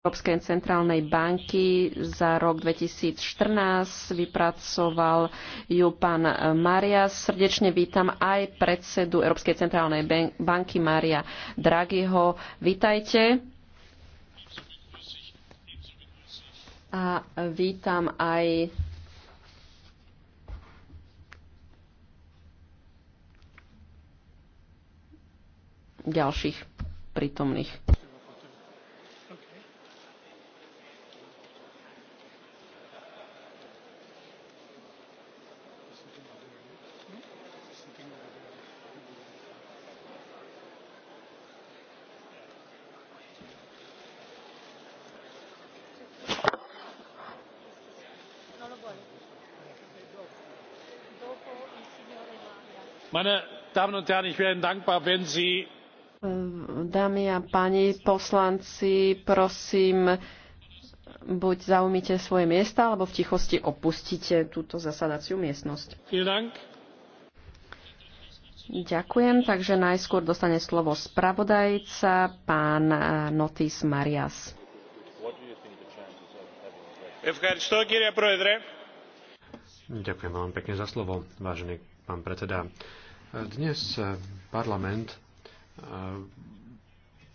Európskej centrálnej banky za rok 2014. Vypracoval ju pán Maria. Srdečne vítam aj predsedu Európskej centrálnej banky Maria Draghiho. Vítajte. A vítam aj ďalších prítomných. meine damen und herren ich wäre dankbar wenn sie Dámy a páni poslanci, prosím, buď zaujmite svoje miesta, alebo v tichosti opustite túto zasadaciu miestnosť. Ďakujem, takže najskôr dostane slovo spravodajca, pán eh, Notis Marias. Ďakujem veľmi pekne za slovo, vážený pán predseda. Dnes parlament e,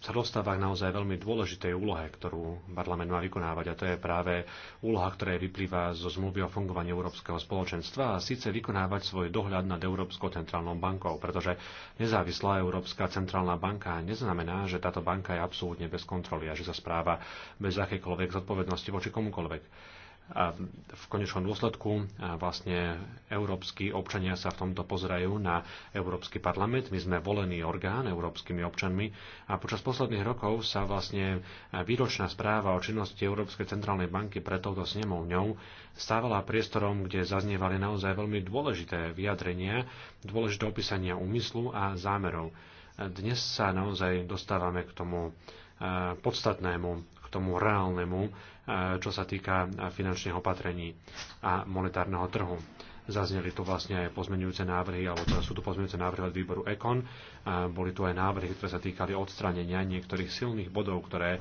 sa dostáva k naozaj veľmi dôležitej úlohe, ktorú parlament má vykonávať a to je práve úloha, ktorá vyplýva zo zmluvy o fungovaní Európskeho spoločenstva a síce vykonávať svoj dohľad nad Európskou centrálnou bankou, pretože nezávislá Európska centrálna banka neznamená, že táto banka je absolútne bez kontroly a že sa správa bez akékoľvek zodpovednosti voči komukoľvek a v konečnom dôsledku vlastne európsky občania sa v tomto pozerajú na Európsky parlament. My sme volený orgán európskymi občanmi a počas posledných rokov sa vlastne výročná správa o činnosti Európskej centrálnej banky pre touto snemovňou stávala priestorom, kde zaznievali naozaj veľmi dôležité vyjadrenia, dôležité opísania úmyslu a zámerov. Dnes sa naozaj dostávame k tomu e, podstatnému tomu reálnemu, e, čo sa týka finančných opatrení a monetárneho trhu. Zazneli tu vlastne aj pozmenujúce návrhy, alebo teda sú tu pozmenujúce návrhy od výboru ECON, e, Boli tu aj návrhy, ktoré sa týkali odstranenia niektorých silných bodov, ktoré e,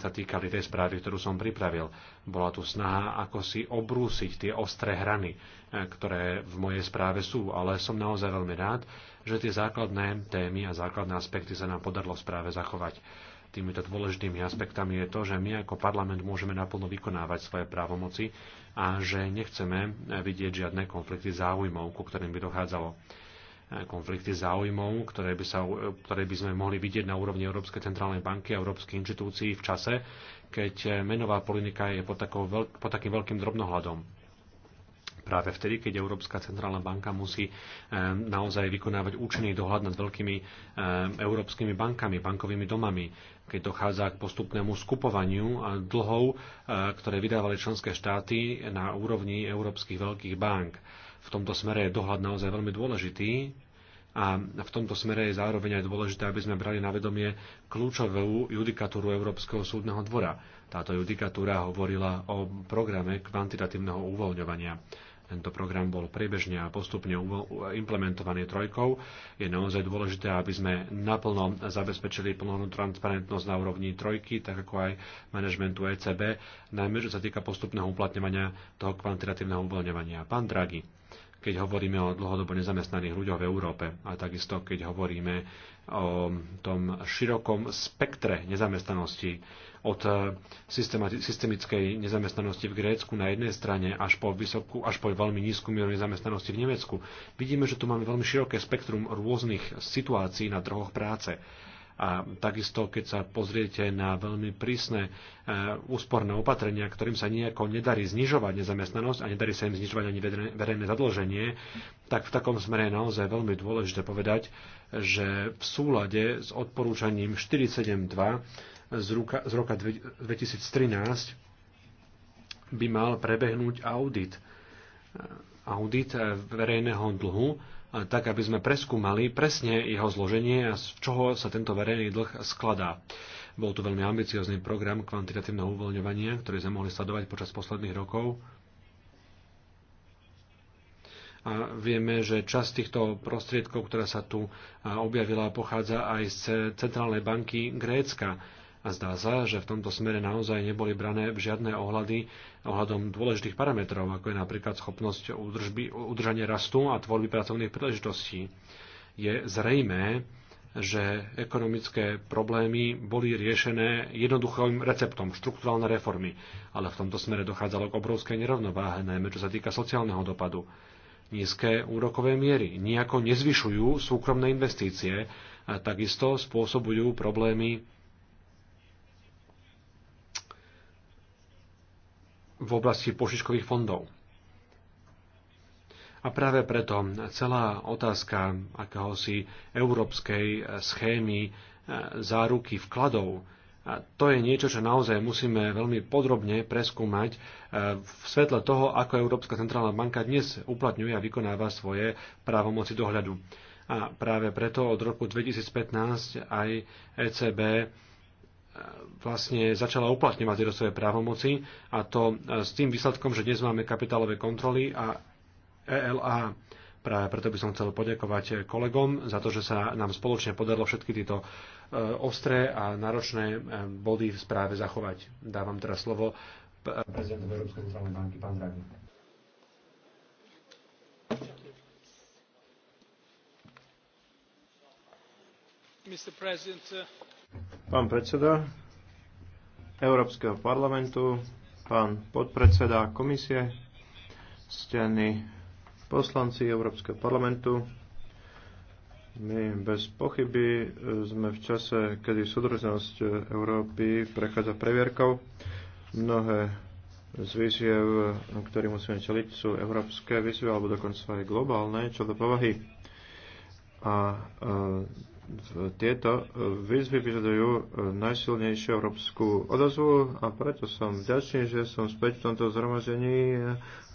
sa týkali tej správy, ktorú som pripravil. Bola tu snaha, ako si obrúsiť tie ostré hrany, ktoré v mojej správe sú, ale som naozaj veľmi rád, že tie základné témy a základné aspekty sa nám podarilo v správe zachovať týmito dôležitými aspektami je to, že my ako parlament môžeme naplno vykonávať svoje právomoci a že nechceme vidieť žiadne konflikty záujmov, ku ktorým by dochádzalo konflikty záujmov, ktoré by, sa, ktoré by sme mohli vidieť na úrovni Európskej centrálnej banky a Európskej inštitúcií v čase, keď menová politika je pod, takou, pod takým veľkým drobnohľadom práve vtedy, keď Európska centrálna banka musí e, naozaj vykonávať účinný dohľad nad veľkými e, európskymi bankami, bankovými domami, keď dochádza k postupnému skupovaniu e, dlhov, ktoré vydávali členské štáty na úrovni európskych veľkých bank. V tomto smere je dohľad naozaj veľmi dôležitý, a v tomto smere je zároveň aj dôležité, aby sme brali na vedomie kľúčovú judikatúru Európskeho súdneho dvora. Táto judikatúra hovorila o programe kvantitatívneho uvoľňovania tento program bol priebežne a postupne implementovaný trojkou. Je naozaj dôležité, aby sme naplno zabezpečili plnú transparentnosť na úrovni trojky, tak ako aj manažmentu ECB, najmä čo sa týka postupného uplatňovania toho kvantitatívneho uvoľňovania. Pán Draghi, keď hovoríme o dlhodobo nezamestnaných ľuďoch v Európe a takisto keď hovoríme o tom širokom spektre nezamestnanosti od e, systemickej nezamestnanosti v Grécku na jednej strane až po, vysokú, až po veľmi nízku mieru nezamestnanosti v Nemecku. Vidíme, že tu máme veľmi široké spektrum rôznych situácií na trhoch práce. A takisto, keď sa pozriete na veľmi prísne e, úsporné opatrenia, ktorým sa nejako nedarí znižovať nezamestnanosť a nedarí sa im znižovať ani verejné zadlženie, tak v takom smere je naozaj veľmi dôležité povedať, že v súlade s odporúčaním 472 z, ruka, z roka 2013 by mal prebehnúť audit e, audit e, verejného dlhu E, tak aby sme preskúmali presne jeho zloženie a z čoho sa tento verejný dlh skladá. Bol to veľmi ambiciózny program kvantitatívneho uvoľňovania, ktorý sme mohli sledovať počas posledných rokov a vieme, že časť týchto prostriedkov, ktorá sa tu e, objavila, pochádza aj z Centrálnej banky Grécka a zdá sa, že v tomto smere naozaj neboli brané žiadne ohľady ohľadom dôležitých parametrov, ako je napríklad schopnosť udržby, udržania rastu a tvorby pracovných príležitostí. Je zrejmé, že ekonomické problémy boli riešené jednoduchým receptom štruktúralne reformy, ale v tomto smere dochádzalo k obrovskej nerovnováhe, najmä čo sa týka sociálneho dopadu. Nízke úrokové miery nejako nezvyšujú súkromné investície a takisto spôsobujú problémy v oblasti pošičkových fondov. A práve preto celá otázka akéhosi európskej schémy e, záruky vkladov, e, to je niečo, čo naozaj musíme veľmi podrobne preskúmať e, v svetle toho, ako Európska centrálna banka dnes uplatňuje a vykonáva svoje právomoci dohľadu. A práve preto od roku 2015 aj ECB vlastne začala uplatňovať tieto svoje právomoci a to e, s tým výsledkom, že dnes máme kapitálové kontroly a ELA. Práve preto by som chcel poďakovať kolegom za to, že sa nám spoločne podarilo všetky tieto e, ostré a náročné e, body v správe zachovať. Dávam teraz slovo prezidentovi Európskej centrálnej banky, pán Draghi. Mr. President, uh, Pán predseda Európskeho parlamentu, pán podpredseda komisie, stení poslanci Európskeho parlamentu, my bez pochyby sme v čase, kedy súdržnosť Európy prechádza previerkou. Mnohé z výziev, ktoré musíme čeliť, sú európske výzvy alebo dokonca aj globálne, čo do povahy. A tieto e, výzvy vyžadujú e, najsilnejšiu európsku odozvu a preto som vďačný, že som späť v tomto zhromažení e,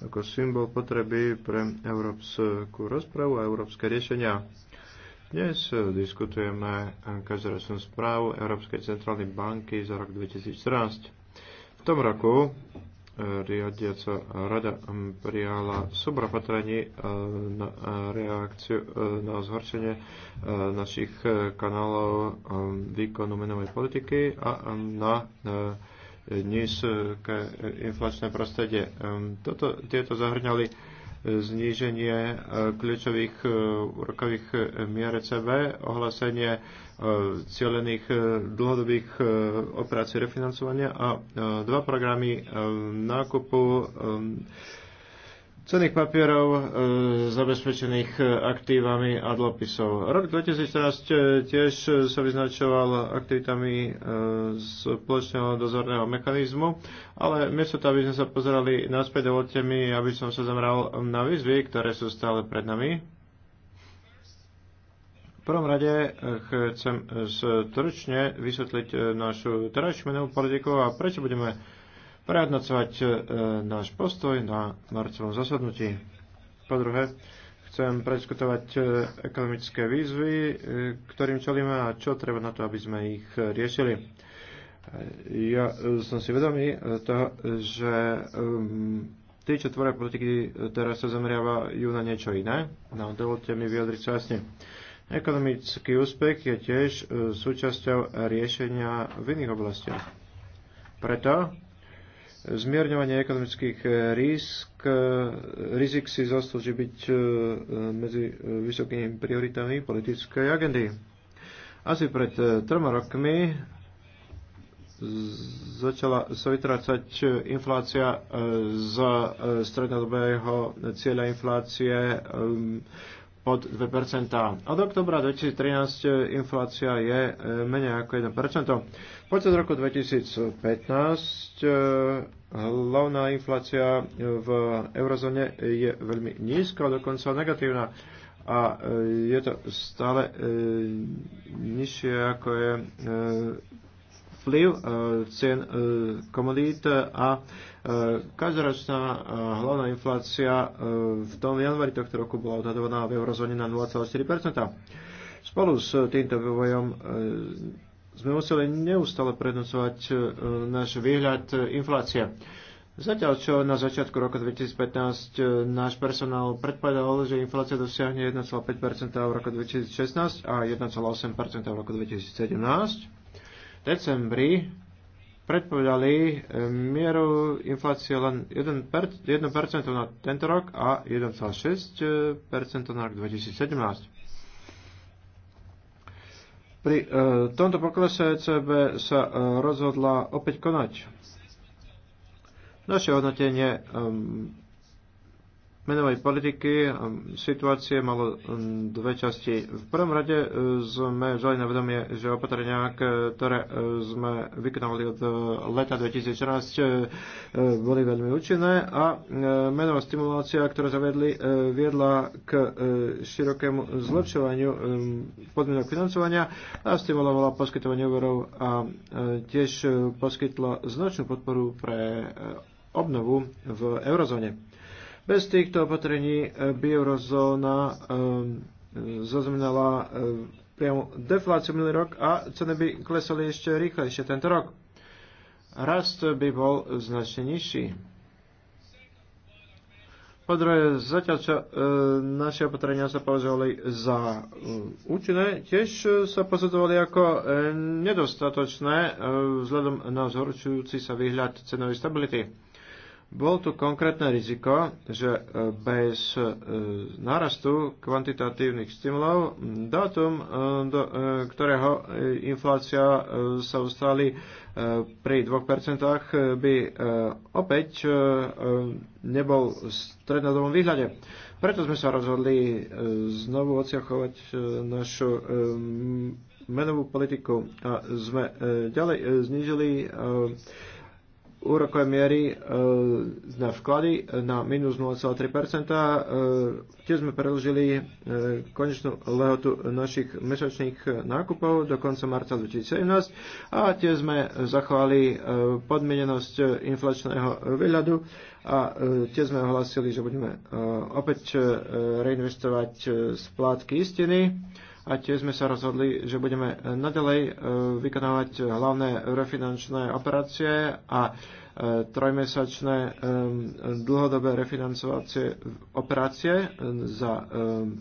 ako symbol potreby pre európsku rozpravu a európske riešenia. Dnes diskutujeme každoročnú správu Európskej centrálnej banky za rok 2014. V tom roku riadiaca rada prijala súbor e, na e, reakciu e, na zhoršenie našich kanálov výkonu menovej politiky a na nízke inflačné prostredie. Toto, tieto zahrňali zníženie kľúčových úrokových mier CB, ohlásenie E, cieľených e, dlhodobých e, operácií refinancovania a dva programy nákupu cených papierov e, zabezpečených aktívami a dlhopisov. Rok 2014 tiež sa vyznačoval aktivitami e, spoločného dozorného mechanizmu, ale miesto to, aby sme sa pozerali naspäť, dovolte mi, aby som sa zameral na výzvy, ktoré sú stále pred nami prvom rade eh, chcem eh, stručne vysvetliť eh, našu terajšiu menovú politiku a prečo budeme prehodnocovať náš postoj na marcovom zasadnutí. Po druhé, chcem prediskutovať ekonomické výzvy, ktorým čelíme a čo treba na to, aby sme ich riešili. Ja som si vedomý toho, že ehm, tí, čo tvoria politiky, teraz sa zameriavajú na niečo iné. No, dovolte mi vyjadriť sa jasne Ekonomický úspech je tiež e, súčasťou riešenia v iných oblastiach. Preto zmierňovanie ekonomických risk, e, rizik si zaslúži byť e, medzi vysokými prioritami politickej agendy. Asi pred troma rokmi začala sa vytrácať inflácia z strednodobého cieľa inflácie pod 2%. Od oktobra 2013 inflácia je e, menej ako 1%. Počas roku 2015 e, hlavná inflácia e, v eurozóne je veľmi nízka, dokonca negatívna a je to stále nižšie ako je vplyv cien komodít a Eh, každoročná eh, hlavná inflácia eh, v tom januári tohto roku bola odhadovaná v eurozóne na 0,4 Spolu s týmto vývojom sme museli neustále prednocovať náš výhľad inflácie. Zatiaľ, čo na začiatku roku 2015 náš personál predpovedal, že inflácia dosiahne 1,5% v roku 2016 a 1,8% v roku 2017, v decembri predpovedali eh, mieru inflácie len 1%, 1 na tento rok a 1,6% eh, na rok 2017. Pri e, tomto poklese ECB sa e, rozhodla opäť konať. Naše hodnotenie e, menovej politiky situácie malo hm, dve časti. V prvom rade e, sme vzali na vedomie, že opatrenia, ktoré e, sme vykonali od e, leta 2014, boli veľmi účinné a menová stimulácia, ktorá zavedli, viedla k širokému zlepšovaniu podmienok financovania a stimulovala poskytovanie úverov a tiež poskytla značnú podporu pre obnovu v eurozóne. Bez týchto opatrení e, by eurozóna e, e, zaznamenala priamu defláciu minulý rok a ceny by klesali ešte rýchlejšie tento rok. Rast by bol značne nižší. Po druhé, zatiaľ čo e, naše opatrenia sa považovali za e, účinné, tiež sa posudzovali ako e, nedostatočné e, vzhľadom na zhorčujúci sa výhľad cenovej stability bol tu konkrétne riziko, že e, bez e, narastu kvantitatívnych stimulov dátum, e, do ktorého inflácia sa ustáli pri 2% by opäť nebol v strednodobom výhľade. Preto sme sa rozhodli znovu odsachovať našu menovú politiku a sme ďalej znížili úrokové miery e, na vklady na minus 0,3%. E, tiež sme predlžili e, konečnú lehotu našich mesačných nákupov do konca marca 2017 a tiež sme zachovali podmienenosť inflačného výhľadu a tiež sme ohlasili, že budeme opäť reinvestovať splátky istiny a tiež sme sa rozhodli, že budeme e, nadalej e, vykonávať e, hlavné refinančné operácie a trojmesačné dlhodobé refinancovacie operácie za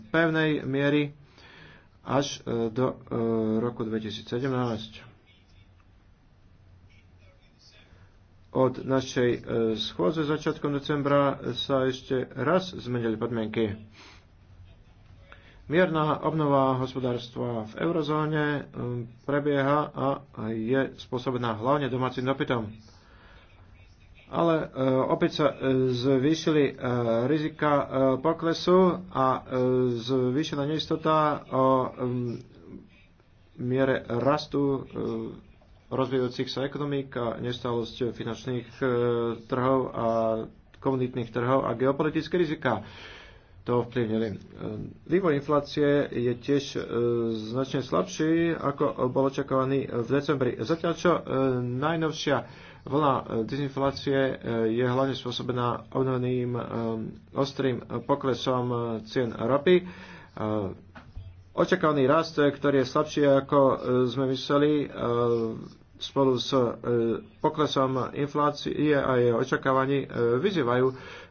pevnej miery až do roku 2017. Od našej schôdze začiatkom decembra sa ešte raz zmenili podmienky. Mierna obnova hospodárstva v eurozóne um, prebieha a je spôsobená hlavne domácim dopytom. Ale uh, opäť sa uh, zvýšili uh, rizika poklesu a zvýšená neistota o um, miere rastu rozvíjajúcich sa ekonomík a nestalosť finančných trhov a komunitných trhov a geopolitické rizika to ovplyvnili. E, vývoj inflácie je tiež e, značne slabší, ako bol očakávaný v decembri. Zatiaľ čo e, najnovšia vlna dezinflácie je hlavne spôsobená obnoveným ostrým poklesom cien ropy. Očakávaný rast, ktorý je slabší, ako sme mysleli, spolu s poklesom inflácie a jej očakávaní vyzývajú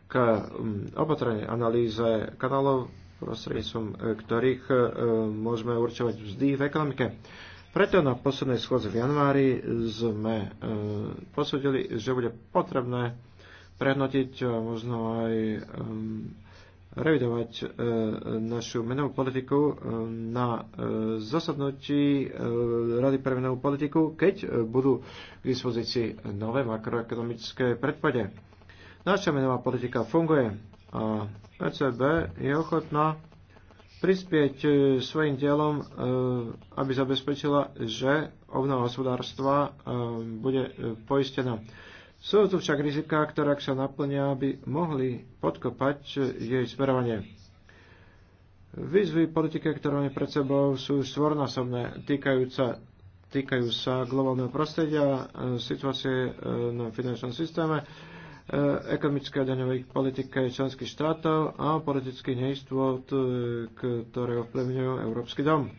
k um, opatrenej analýze kanálov, prostredníctvom e, ktorých e, môžeme určovať vzdy v ekonomike. Preto na poslednej schôdze v januári sme e, posúdili, že bude potrebné prehnotiť a možno aj um, revidovať našu menovú politiku na zasadnutí Rady pre menovú politiku, keď budú k dispozícii nové makroekonomické predpade. Naša menová politika funguje a ECB je ochotná prispieť e, svojim dielom, e, aby zabezpečila, že obnova hospodárstva e, bude poistená. Sú tu však riziká, ktoré ak sa naplnia, by mohli podkopať jej smerovanie. Výzvy politike, ktoré máme pred sebou, sú štvornásobné, týkajúca, týkajú sa globálneho prostredia, situácie na finančnom systéme, E, ekonomické a daňovej politike členských štátov a politických neistôt, e, ktoré ovplyvňujú Európsky dom.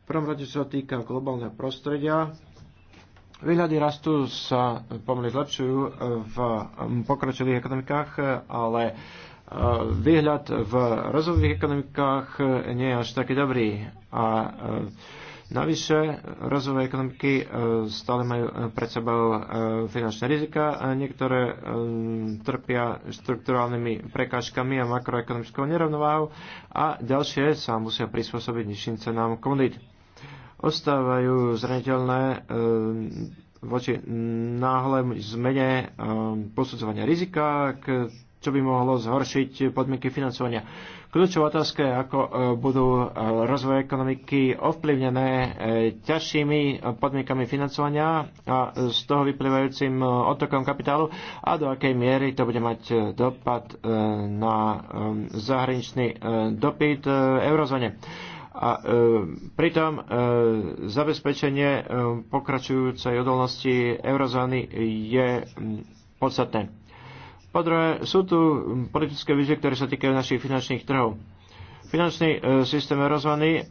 V prvom rade sa týka globálneho prostredia. Výhľady rastu sa pomaly zlepšujú e, v pokročilých ekonomikách, ale výhľad v rozvojových ekonomikách nie je až taký dobrý. A Navyše, rozvojové ekonomiky e, stále majú e, pred sebou e, finančné rizika, niektoré trpia štrukturálnymi prekážkami a makroekonomickou nerovnováhou a ďalšie sa musia prispôsobiť nižším cenám komodít. Ostávajú zraniteľné voči náhle zmene posudzovania rizika, čo by mohlo zhoršiť podmienky financovania Kľúčová otázka je, ako e, budú e, rozvoj ekonomiky ovplyvnené e, ťažšími podmienkami financovania a z toho vyplývajúcim otokom kapitálu a do akej miery to bude mať dopad na zahraničný dopyt v eurozóne a e, pritom e, zabezpečenie e, pokračujúcej odolnosti eurozóny je podstatné. Po druhé, sú tu politické vizie, ktoré sa týkajú našich finančných trhov. Finančný e, systém eurozóny e,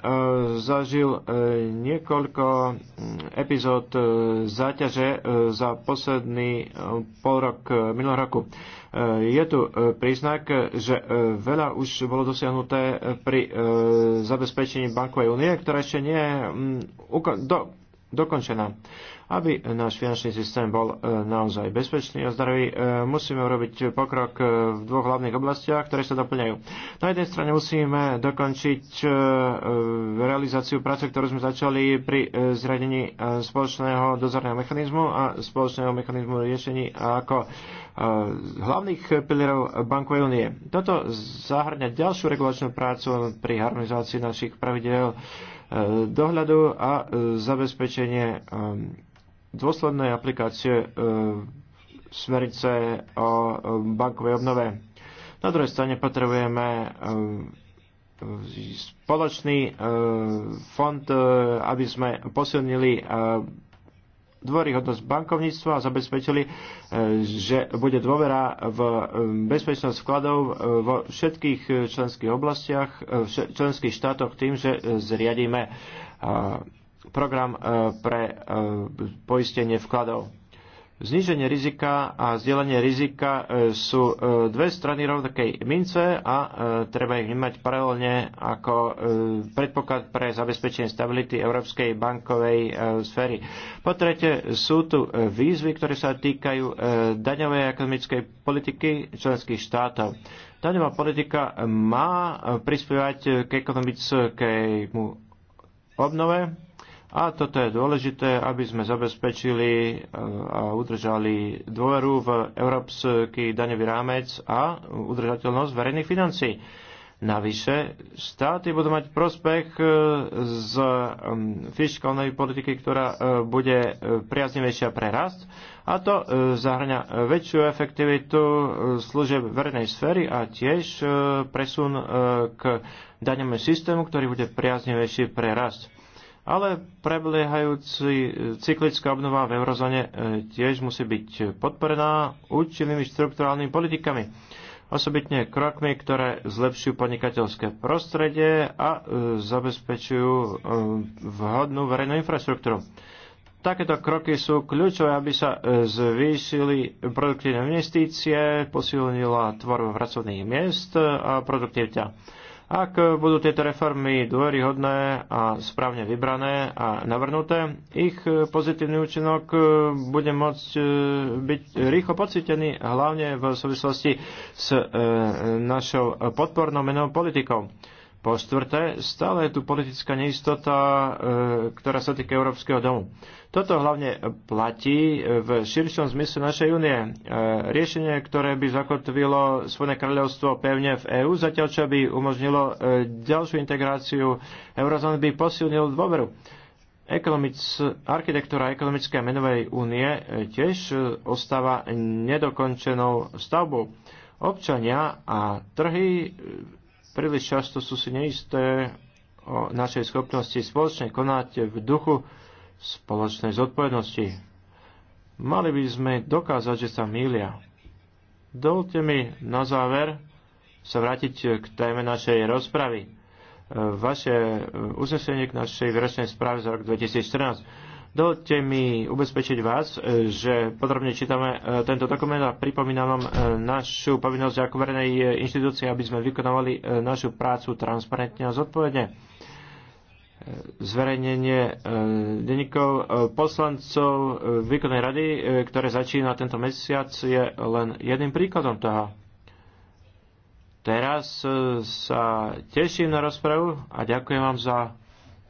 zažil e, niekoľko mm, epizód záťaže za posledný pol rok minulého roku. Je tu príznak, že veľa už bolo dosiahnuté pri zabezpečení bankovej únie, ktorá ešte nie je mm, dokončená. Aby náš finančný systém bol e, naozaj bezpečný a zdravý, e, musíme urobiť pokrok e, v dvoch hlavných oblastiach, ktoré sa doplňajú. Na jednej strane musíme dokončiť realizáciu práce, ktorú sme začali pri zradení spoločného dozorného mechanizmu a spoločného mechanizmu riešení ako hlavných pilierov bankovej únie. Toto zahrňa ďalšiu regulačnú prácu pri harmonizácii našich pravidel dohľadu a e, zabezpečenie e, dôslednej aplikácie e, smernice o bankovej obnove. Na druhej strane potrebujeme spoločný fond, aby sme posilnili dôveryhodnosť bankovníctva a zabezpečili, e, že bude dôvera v e, bezpečnosť vkladov e, vo všetkých členských oblastiach, v členských štátoch tým, že zriadíme program pre poistenie vkladov. Zníženie rizika a zdieľanie rizika e, sú e, dve strany rovnakej mince a e, treba ich vnímať paralelne ako predpoklad pre zabezpečenie stability európskej bankovej sféry. Po tretie, sú tu výzvy, ktoré sa týkajú daňovej a ekonomickej politiky členských štátov. Daňová politika má prispievať k ekonomickému obnove a toto je dôležité, aby sme zabezpečili e, a udržali dôveru v európsky daňový rámec a udržateľnosť verejných financií. Navyše, štáty budú mať prospech e, z e, fiskálnej politiky, ktorá bude priaznivejšia pre rast a to zahrňa väčšiu efektivitu služieb verejnej sféry a tiež presun k daňovému systému, ktorý bude priaznivejší pre rast ale prebliehajúci cyklická obnova v eurozóne e, tiež musí byť podporená účinnými štrukturálnymi politikami osobitne krokmi, ktoré zlepšujú podnikateľské prostredie a e, zabezpečujú e, vhodnú verejnú infraštruktúru. Takéto kroky sú kľúčové, aby sa zvýšili produktívne investície, posilnila tvorba pracovných miest a produktivita ak budú tieto reformy dôveryhodné a správne vybrané a navrhnuté, ich pozitívny účinok bude môcť e, byť rýchlo pocítený, hlavne v súvislosti s e, našou podpornou menou politikou. Po štvrté, stále je tu politická neistota, e, ktorá sa týka Európskeho domu. Toto hlavne platí v širšom zmysle našej únie. E, riešenie, ktoré by zakotvilo svoje kráľovstvo pevne v EÚ, zatiaľ čo by umožnilo e, ďalšiu integráciu eurozóny, by posilnil dôveru. Ekonomic, architektúra ekonomickej menovej únie tiež ostáva nedokončenou stavbou. Občania a trhy Príliš často sú si neisté o našej schopnosti spoločne konať v duchu spoločnej zodpovednosti. Mali by sme dokázať, že sa mýlia. Dovolte mi na záver sa vrátiť k téme našej rozpravy. Vaše uznesenie k našej výročnej správe za rok 2014 Dovolte mi ubezpečiť vás, e, že podrobne čítame e, tento dokument a pripomínam vám e, našu povinnosť ako verejnej inštitúcie, aby sme vykonávali našu prácu transparentne a zodpovedne. Zverejnenie denníkov poslancov výkonnej rady, ktoré začína tento mesiac, je len jedným príkladom toho. Teraz sa teším na rozpravu a ďakujem vám za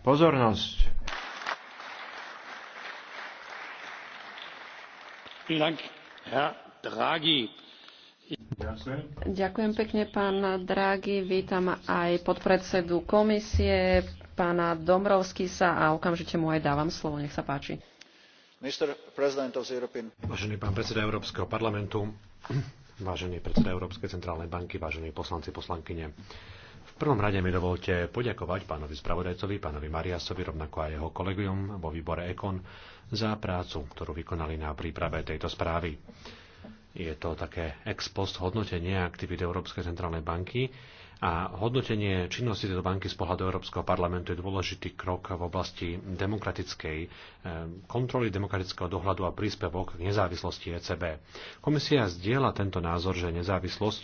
pozornosť. Ďakujem. pekne, pán Draghi. Vítam aj podpredsedu komisie, pána Dombrovskisa a okamžite mu aj dávam slovo. Nech sa páči. Vážený pán predseda Európskeho parlamentu, vážený predseda Európskej centrálnej banky, vážení poslanci, poslankyne. V prvom rade mi dovolte poďakovať pánovi spravodajcovi, pánovi Mariasovi, rovnako aj jeho kolegium vo výbore EKON za prácu, ktorú vykonali na príprave tejto správy. Je to také ex post hodnotenie aktivít Európskej centrálnej banky a hodnotenie činnosti tejto banky z pohľadu Európskeho parlamentu je dôležitý krok v oblasti demokratickej eh, kontroly, demokratického dohľadu a príspevok k nezávislosti ECB. Komisia zdieľa tento názor, že nezávislosť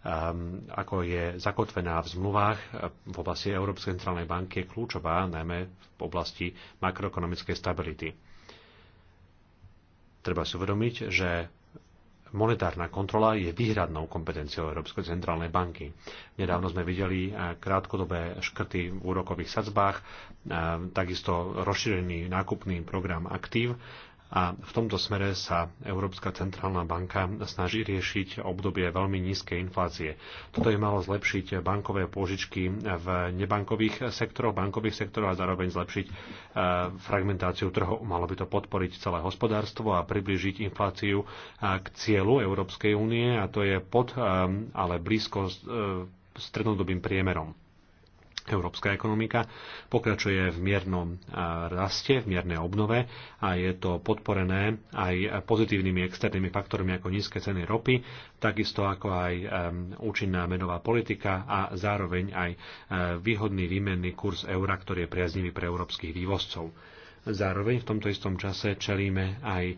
Ehm, ako je zakotvená v zmluvách e, v oblasti Európskej centrálnej banky, je kľúčová najmä v oblasti makroekonomickej stability. Treba si uvedomiť, že monetárna kontrola je výhradnou kompetenciou Európskej centrálnej banky. Nedávno sme videli e, krátkodobé škrty v úrokových sadzbách, e, takisto rozšírený nákupný program aktív a v tomto smere sa Európska centrálna banka snaží riešiť obdobie veľmi nízkej inflácie. Toto je malo zlepšiť bankové pôžičky v nebankových sektoroch, bankových sektoroch a zároveň zlepšiť e, fragmentáciu trhu. Malo by to podporiť celé hospodárstvo a priblížiť infláciu e, k cieľu Európskej únie a to je pod, e, ale blízko strednodobým priemerom. Európska ekonomika pokračuje v miernom e, raste, v miernej obnove a je to podporené aj pozitívnymi externými faktormi ako nízke ceny ropy, takisto ako aj e, účinná menová politika a zároveň aj e, výhodný výmenný kurz eura, ktorý je priaznivý pre európskych vývozcov. Zároveň v tomto istom čase čelíme aj e,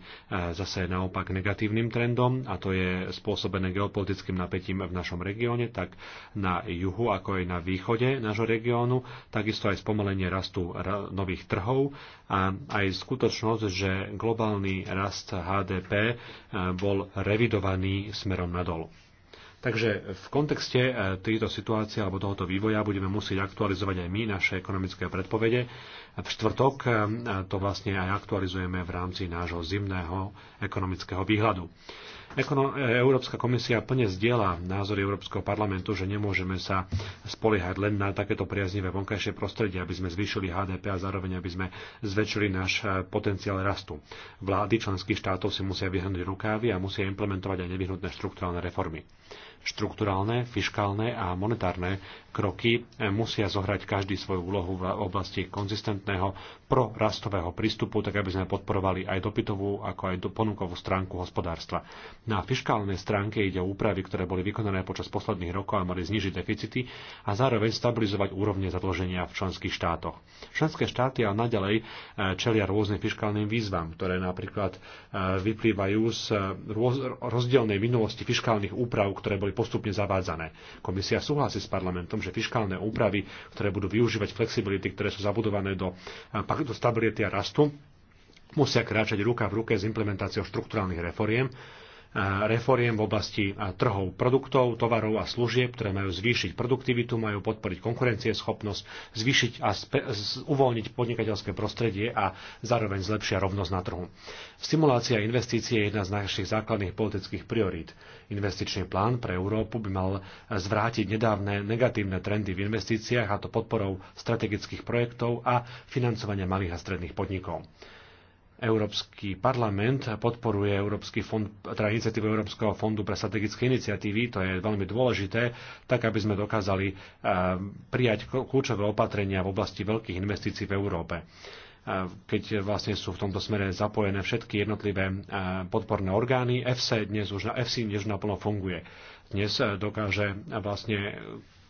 zase naopak negatívnym trendom a to je spôsobené geopolitickým napätím v našom regióne, tak na juhu ako aj na východe nášho regiónu, takisto aj spomalenie rastu nových trhov a aj skutočnosť, že globálny rast HDP e, bol revidovaný smerom nadol. Takže v kontexte e, tejto situácie alebo tohoto vývoja budeme musieť aktualizovať aj my naše ekonomické predpovede v štvrtok e, to vlastne aj aktualizujeme v rámci nášho zimného ekonomického výhľadu. E, Európska komisia plne zdieľa názory Európskeho parlamentu, že nemôžeme sa spoliehať len na takéto priaznivé vonkajšie prostredie, aby sme zvýšili HDP a zároveň aby sme zväčšili náš e, potenciál rastu. Vlády členských štátov si musia vyhrnúť rukávy a musia implementovať aj nevyhnutné štrukturálne reformy. Štrukturálne, fiskálne a monetárne kroky e, musia zohrať každý svoju úlohu v oblasti konzistentného prorastového prístupu, tak aby sme podporovali aj dopytovú, ako aj do ponukovú stránku hospodárstva. Na fiskálnej stránke ide o úpravy, ktoré boli vykonané počas posledných rokov a mali znižiť deficity a zároveň stabilizovať úrovne zadlženia v členských štátoch. Členské štáty ale naďalej e, čelia rôznym fiskálnym výzvam, ktoré napríklad e, vyplývajú z rozdielnej minulosti fiskálnych úprav, ktoré boli postupne zavádzané. Komisia súhlasí s parlamentom, že fiskálne úpravy, ktoré budú využívať flexibility, ktoré sú zabudované do do eh, stability a rastu, musia kráčať ruka v ruke s implementáciou štrukturálnych reforiem reforiem v oblasti trhov produktov, tovarov a služieb, ktoré majú zvýšiť produktivitu, majú podporiť konkurencieschopnosť, zvýšiť a uvoľniť podnikateľské prostredie a zároveň zlepšia rovnosť na trhu. Stimulácia investície je jedna z našich základných politických priorít. Investičný plán pre Európu by mal zvrátiť nedávne negatívne trendy v investíciách a to podporou strategických projektov a financovania malých a stredných podnikov. Európsky parlament podporuje Európsky fond, teda iniciatívu Európskeho fondu pre strategické iniciatívy, to je veľmi dôležité, tak aby sme dokázali eh, prijať kľúčové opatrenia v oblasti veľkých investícií v Európe eh, keď vlastne sú v tomto smere zapojené všetky jednotlivé eh, podporné orgány. FC e dnes už na FC dnes naplno funguje. Dnes dokáže vlastne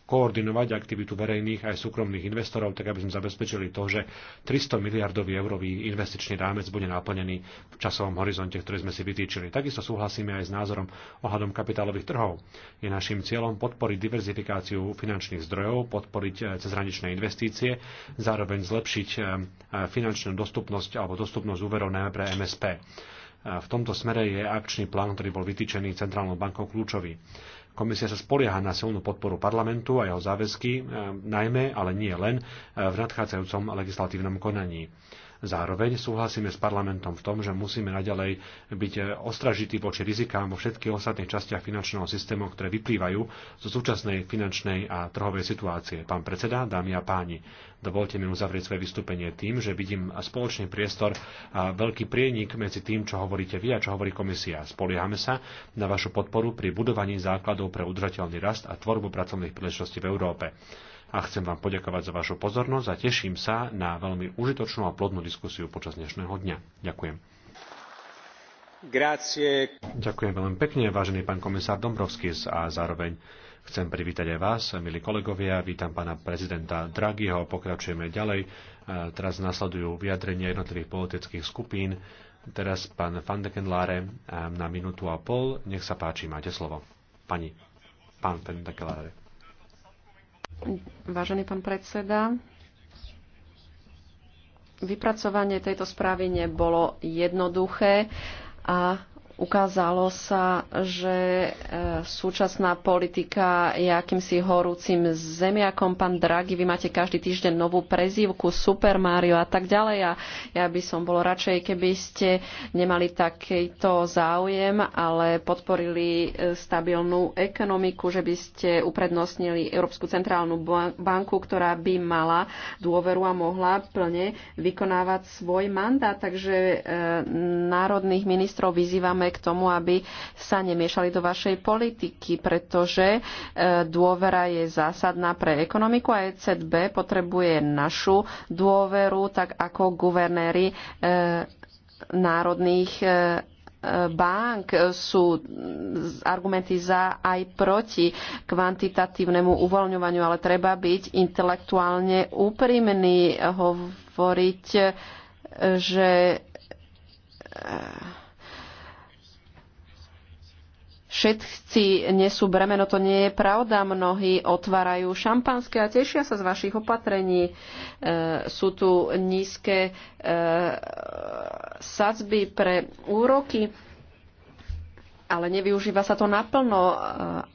koordinovať aktivitu verejných aj súkromných investorov, tak aby sme zabezpečili to, že 300 miliardový eurový investičný rámec bude naplnený v časovom horizonte, ktorý sme si vytýčili. Takisto súhlasíme aj s názorom ohľadom kapitálových trhov. Je našim cieľom podporiť diverzifikáciu finančných zdrojov, podporiť eh, cezhraničné investície, zároveň zlepšiť eh, eh, finančnú dostupnosť alebo dostupnosť úverov najmä pre MSP. V tomto smere je akčný plán, ktorý bol vytýčený Centrálnou bankou kľúčový. Komisia sa spolieha na silnú podporu parlamentu a jeho záväzky, e, najmä, ale nie len, e, v nadchádzajúcom legislatívnom konaní. Zároveň súhlasíme s parlamentom v tom, že musíme naďalej byť ostražití voči rizikám vo všetkých ostatných častiach finančného systému, ktoré vyplývajú zo súčasnej finančnej a trhovej situácie. Pán predseda, dámy a páni, dovolte mi uzavrieť svoje vystúpenie tým, že vidím spoločný priestor a veľký prienik medzi tým, čo hovoríte vy a čo hovorí komisia. Spoliehame sa na vašu podporu pri budovaní základov pre udržateľný rast a tvorbu pracovných príležitostí v Európe a chcem vám poďakovať za vašu pozornosť a teším sa na veľmi užitočnú a plodnú diskusiu počas dnešného dňa. Ďakujem. Grazie. Ďakujem veľmi pekne, vážený pán komisár Dombrovskis a zároveň Chcem privítať aj vás, milí kolegovia. Vítam pána prezidenta Draghiho. Pokračujeme ďalej. Teraz nasledujú vyjadrenia jednotlivých politických skupín. Teraz pán Van de Kendlare na minútu a pol. Nech sa páči, máte slovo. Pani, pán Van de Kendlare. Vážený pán predseda, vypracovanie tejto správy nebolo jednoduché a Ukázalo sa, že e, súčasná politika je akýmsi horúcim zemiakom. Pán Draghi, vy máte každý týždeň novú prezývku, Super Mario a tak ďalej. A ja by som bol radšej, keby ste nemali takýto záujem, ale podporili e, stabilnú ekonomiku, že by ste uprednostnili Európsku centrálnu banku, ktorá by mala dôveru a mohla plne vykonávať svoj mandát. Takže e, národných ministrov vyzývame vyzývame k tomu, aby sa nemiešali do vašej politiky, pretože e, dôvera je zásadná pre ekonomiku a ECB potrebuje našu dôveru, tak ako guvernéry e, národných e, bank sú argumenty za aj proti kvantitatívnemu uvoľňovaniu, ale treba byť intelektuálne úprimný, hovoriť, že všetci nesú bremeno, to nie je pravda. Mnohí otvárajú šampanské a tešia sa z vašich opatrení. E, sú tu nízke e, sadzby pre úroky, ale nevyužíva sa to naplno. E,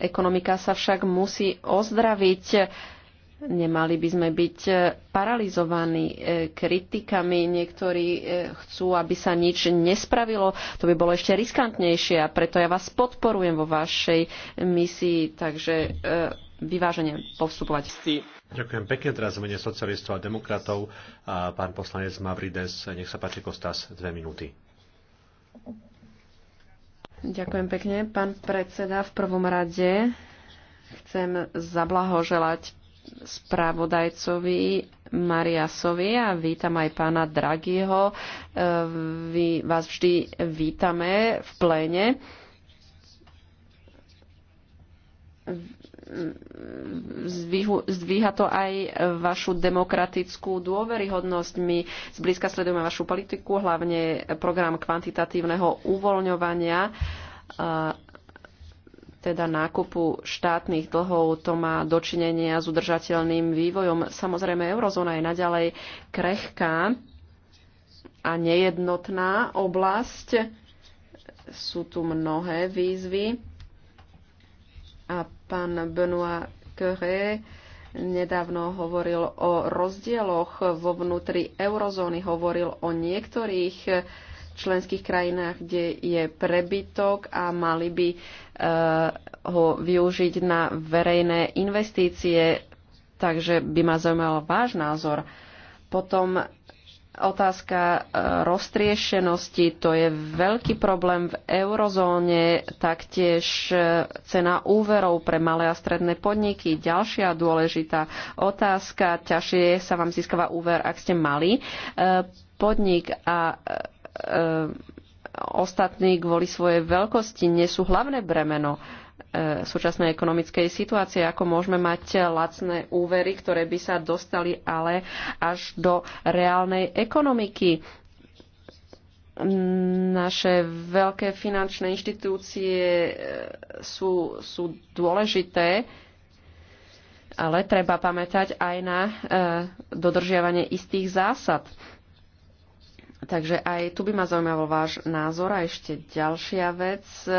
ekonomika sa však musí ozdraviť Nemali by sme byť e, paralizovaní e, kritikami. Niektorí e, chcú, aby sa nič nespravilo. To by bolo ešte riskantnejšie a preto ja vás podporujem vo vašej misii. Takže vyvážene postupovať. Ďakujem pekne. Teraz mene socialistov a demokratov a pán poslanec Mavrides, nech sa páči Kostas, dve minúty. Ďakujem pekne. Pán predseda, v prvom rade chcem zablahoželať spravodajcovi Mariasovi a vítam aj pána Dragiho. E, vy, vás vždy vítame v pléne. Zdvíha to aj vašu demokratickú dôveryhodnosť. My zblízka sledujeme vašu politiku, hlavne program kvantitatívneho uvoľňovania e, teda nákupu štátnych dlhov, to má dočinenia s udržateľným vývojom. Samozrejme, eurozóna je naďalej krehká a nejednotná oblasť. Sú tu mnohé výzvy. A pán Benoit Curé nedávno hovoril o rozdieloch vo vnútri eurozóny, hovoril o niektorých členských krajinách, kde je prebytok a mali by Eh, ho využiť na verejné investície, takže by ma zaujímal váš názor. Potom otázka eh, roztriešenosti, to je veľký problém v eurozóne, taktiež eh, cena úverov pre malé a stredné podniky. Ďalšia dôležitá otázka, ťažšie sa vám získava úver, ak ste mali podnik a ostatní kvôli svojej veľkosti nesú hlavné bremeno e, súčasnej ekonomickej situácie, ako môžeme mať lacné úvery, ktoré by sa dostali ale až do reálnej ekonomiky. Naše veľké finančné inštitúcie e, sú, sú dôležité, ale treba pamätať aj na e, dodržiavanie istých zásad. Takže aj tu by ma zaujímal váš názor a ešte ďalšia vec. E,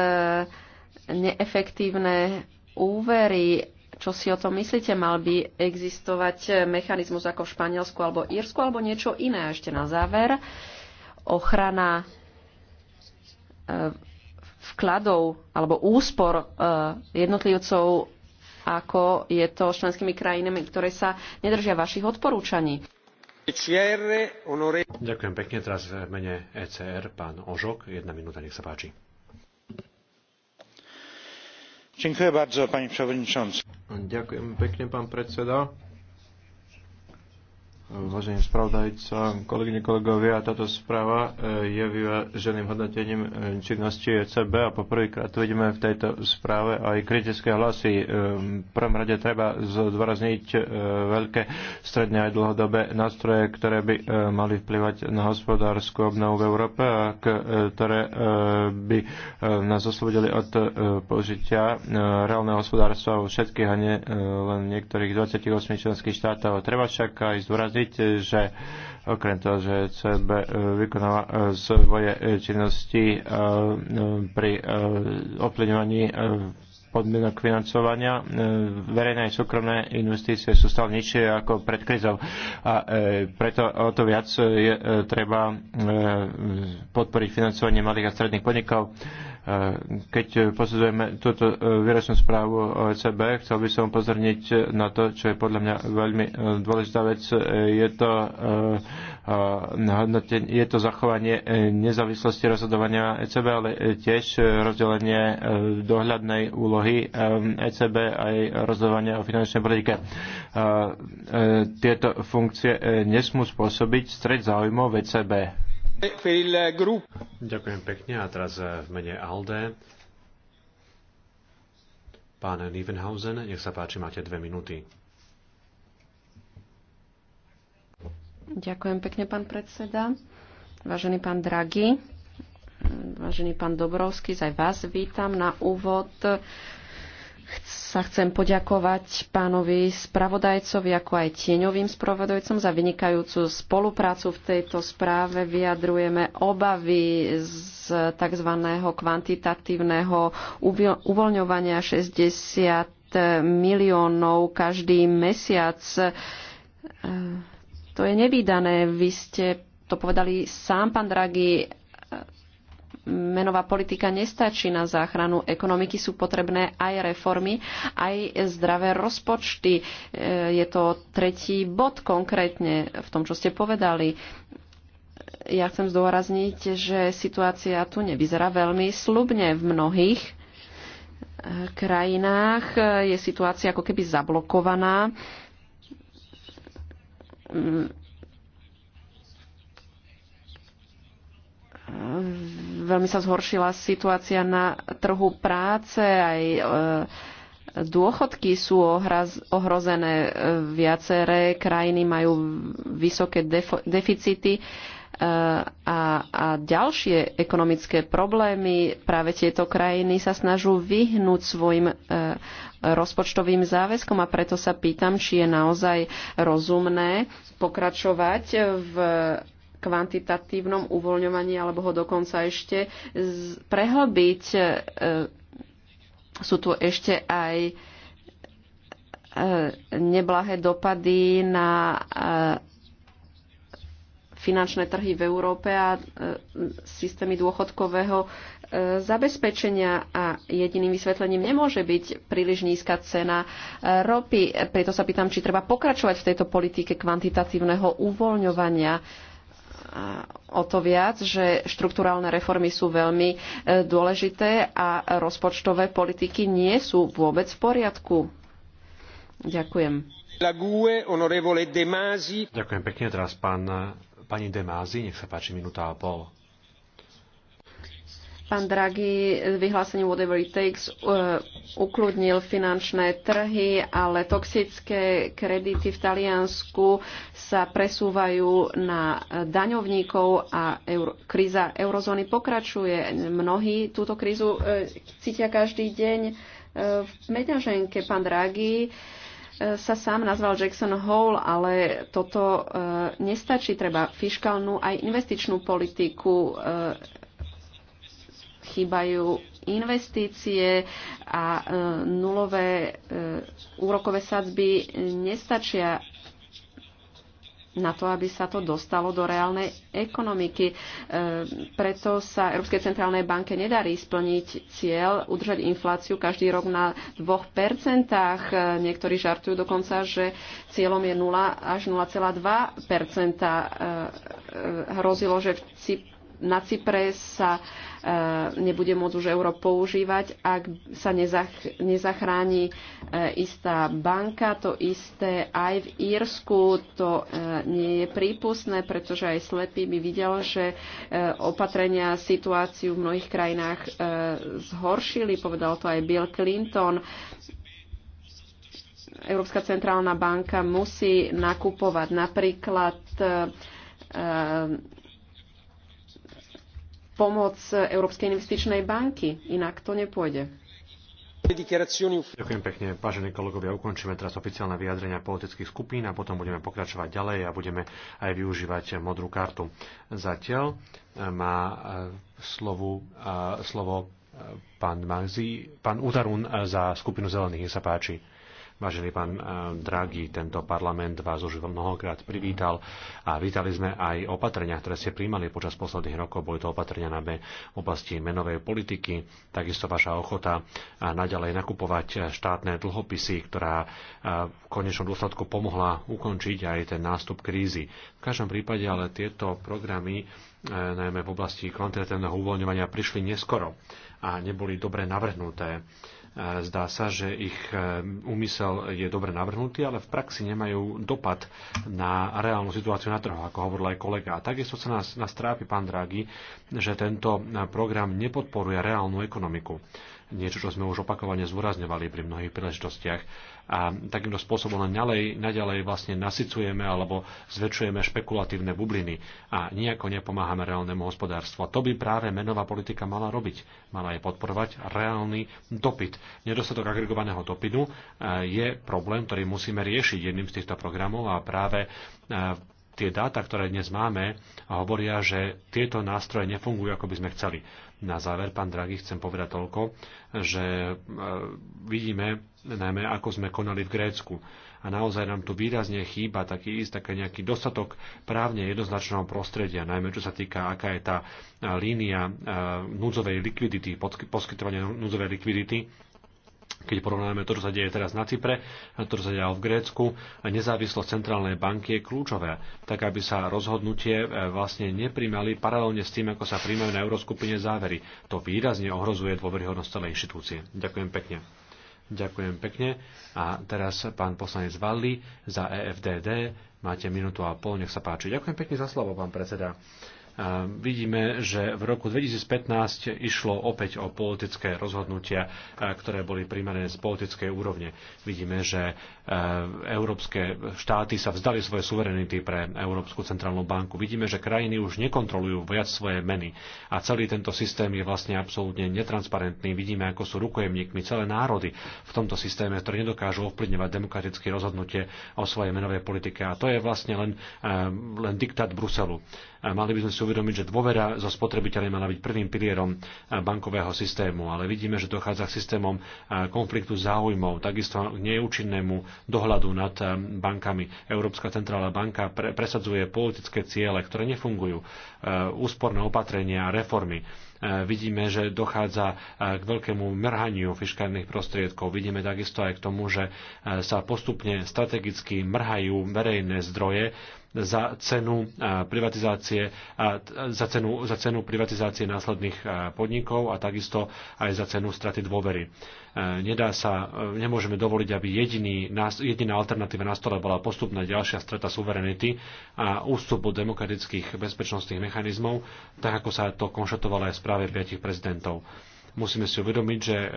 neefektívne úvery, čo si o tom myslíte, mal by existovať mechanizmus ako v Španielsku alebo Írsku alebo niečo iné. A ešte na záver, ochrana e, vkladov alebo úspor e, jednotlivcov, ako je to s členskými krajinami, ktoré sa nedržia vašich odporúčaní. E Ďakujem pekne. Teraz v mene ECR pán Ožok. Jedna minúta, nech sa páči. Ďakujem bardzo, pani przewodnicząca. Ďakujem pekne, pán predseda vážený spravodajca, kolegyne, kolegovia, táto správa eh, je vyváženým hodnotením eh, činnosti ECB a poprvýkrát vidíme v tejto správe aj kritické hlasy. Eh, v prvom rade treba zdôrazniť veľké stredne aj dlhodobé nástroje, ktoré by mali vplyvať na hospodárskú obnovu v Európe a ktoré by nás oslobodili od použitia reálneho hospodárstva vo všetkých a nie len niektorých 28 členských štátov. Treba však aj zdôrazniť, vysvetliť, že okrem toho, že CB e, vykonáva e, svoje e, činnosti pri ovplyvňovaní podmienok financovania. Verejné a súkromné investície sú stále nižšie ako pred krizou a preto o to viac je treba podporiť financovanie malých a stredných podnikov Eh, keď posudzujeme túto eh, výročnú správu o ECB, chcel by som upozorniť na to, čo je podľa mňa veľmi eh, dôležitá vec. Je to, je to zachovanie nezávislosti rozhodovania ECB, ale tiež rozdelenie dohľadnej úlohy ECB e aj rozhodovania o finančnej politike. Tieto funkcie nesmú spôsobiť stred záujmov ECB. Ďakujem pekne a teraz eh, v mene ALDE. Pán Nivenhausen, nech sa páči, máte dve minúty. Ďakujem pekne, pán predseda. Vážený pán Draghi, vážený pán Dobrovský, aj vás vítam na úvod sa chcem poďakovať pánovi spravodajcovi, ako aj tieňovým spravodajcom za vynikajúcu spoluprácu. V tejto správe vyjadrujeme obavy z tzv. kvantitatívneho uvoľňovania 60 miliónov každý mesiac. E, to je nevýdané. Vy ste to povedali sám, pán Draghi, menová politika nestačí na záchranu ekonomiky, sú potrebné aj reformy, aj zdravé rozpočty. E, je to tretí bod konkrétne v tom, čo ste povedali. Ja chcem zdôrazniť, že situácia tu nevyzerá veľmi slubne v mnohých e, krajinách. E, je situácia ako keby zablokovaná mm, veľmi sa zhoršila situácia na trhu práce, aj e, dôchodky sú ohrozené. E, viaceré krajiny majú vysoké deficity e, a, a ďalšie ekonomické problémy. Práve tieto krajiny sa snažú vyhnúť svojim rozpočtovým záväzkom a preto sa pýtam, či je naozaj rozumné pokračovať v kvantitatívnom uvoľňovaní alebo ho dokonca ešte prehlbiť. E, sú tu ešte aj e, neblahé dopady na e, finančné trhy v Európe a systémy dôchodkového zabezpečenia a jediným vysvetlením nemôže byť príliš nízka cena ropy. Preto sa pýtam, či treba pokračovať v tejto politike kvantitatívneho uvoľňovania o to viac, že štruktúralne reformy sú veľmi e, dôležité a rozpočtové politiky nie sú vôbec v poriadku. Ďakujem. Ďakujem pekne. Teraz pán, pani Demázi, nech sa páči minúta a pol. Pán Draghi vyhlásením Whatever It Takes uh, ukludnil finančné trhy, ale toxické kredity v Taliansku sa presúvajú na daňovníkov a euro, kríza eurozóny pokračuje. Mnohí túto krízu uh, cítia každý deň uh, v meďaženke. Pán Draghi sa sám nazval Jackson Hole, ale toto nestačí. Treba fiškálnu aj investičnú politiku chýbajú investície a e, nulové e, úrokové sadzby nestačia na to, aby sa to dostalo do reálnej ekonomiky. E, preto sa Európskej centrálnej banke nedarí splniť cieľ udržať infláciu každý rok na 2%. E, niektorí žartujú dokonca, že cieľom je 0 až 0,2%. E, e, hrozilo, že v na Cypre sa e, nebude môcť už euro používať, ak sa nezach- nezachráni e, istá banka. To isté aj v Írsku to e, nie je prípustné, pretože aj slepý by videl, že opatrenia situáciu v mnohých krajinách zhoršili. Povedal to aj Bill Clinton. Európska centrálna banka musí nakupovať napríklad pomoc Európskej investičnej banky. Inak to nepôjde. Ďakujem pekne, vážení kolegovia. Ukončíme teraz oficiálne vyjadrenia politických skupín a potom budeme pokračovať ďalej a budeme aj využívať modrú kartu. Zatiaľ e, má e, slovu, e, slovo pán, Magzi, pán Udarun za skupinu zelených. Nech sa páči. Vážený pán eh, Draghi, tento parlament vás už mnohokrát privítal a vítali sme aj opatrenia, ktoré ste príjmali počas posledných rokov. Boli to opatrenia na oblasti menovej politiky, takisto vaša ochota eh, naďalej nakupovať eh, štátne dlhopisy, ktorá v konečnom dôsledku pomohla ukončiť aj ten nástup krízy. V každom prípade ale tieto programy najmä v oblasti kvantitatívneho uvoľňovania prišli neskoro a neboli dobre navrhnuté. Zdá sa, že ich e, úmysel je dobre navrhnutý, ale v praxi nemajú dopad na reálnu situáciu na trhu, ako hovoril aj kolega. A takisto sa nás, nás trápi, pán Draghi, že tento program nepodporuje reálnu ekonomiku niečo, čo sme už opakovane zúrazňovali pri mnohých príležitostiach a takýmto spôsobom len ďalej, naďalej vlastne nasycujeme alebo zväčšujeme špekulatívne bubliny a nejako nepomáhame reálnemu hospodárstvu. A to by práve menová politika mala robiť. Mala je podporovať reálny dopyt. Nedostatok agregovaného dopytu e, je problém, ktorý musíme riešiť jedným z týchto programov a práve e, tie dáta, ktoré dnes máme, hovoria, že tieto nástroje nefungujú, ako by sme chceli. Na záver, pán Draghi, chcem povedať toľko, že e, vidíme najmä ako sme konali v Grécku. A naozaj nám tu výrazne chýba taký ísť, taký nejaký dostatok právne jednoznačného prostredia, najmä čo sa týka, aká je tá línia e, núdzovej likvidity, poskytovania núdzovej likvidity keď porovnáme to, čo sa deje teraz na Cypre, to, čo sa deje v Grécku, nezávislosť centrálnej banky je kľúčové, tak aby sa rozhodnutie e, vlastne neprimali paralelne s tým, ako sa príjmajú na Euroskupine závery. To výrazne ohrozuje dôveryhodnosť celej inštitúcie. Ďakujem pekne. Ďakujem pekne. A teraz pán poslanec Valli za EFDD. Máte minútu a pol, nech sa páči. Ďakujem pekne za slovo, pán predseda. Vidíme, že v roku 2015 išlo opäť o politické rozhodnutia, e, ktoré boli príjmané z politickej úrovne. Vidíme, že e, európske štáty sa vzdali svoje suverenity pre Európsku centrálnu banku. Vidíme, že krajiny už nekontrolujú viac svoje meny a celý tento systém je vlastne absolútne netransparentný. Vidíme, ako sú rukojemníkmi celé národy v tomto systéme, ktoré nedokážu ovplyvňovať demokratické rozhodnutie o svojej menovej politike. A to je vlastne len, e, len diktát Bruselu. Mali by sme si uvedomiť, že dôvera so spotrebiteľmi mala byť prvým pilierom bankového systému, ale vidíme, že dochádza k systémom konfliktu záujmov, takisto k neúčinnému dohľadu nad bankami. Európska centrálna banka presadzuje politické ciele, ktoré nefungujú, úsporné opatrenia a reformy vidíme, že dochádza k veľkému mrhaniu fiskálnych prostriedkov. Vidíme takisto aj k tomu, že sa postupne strategicky mrhajú verejné zdroje za cenu privatizácie, za cenu, za cenu privatizácie následných podnikov a takisto aj za cenu straty dôvery. Nedá sa, e, nemôžeme dovoliť, aby jediný, jediná alternatíva na stole bola postupná ďalšia strata suverenity a ústup od demokratických bezpečnostných mechanizmov, tak ako sa to konštatovalo aj v správe piatich prezidentov. Musíme si uvedomiť, že e,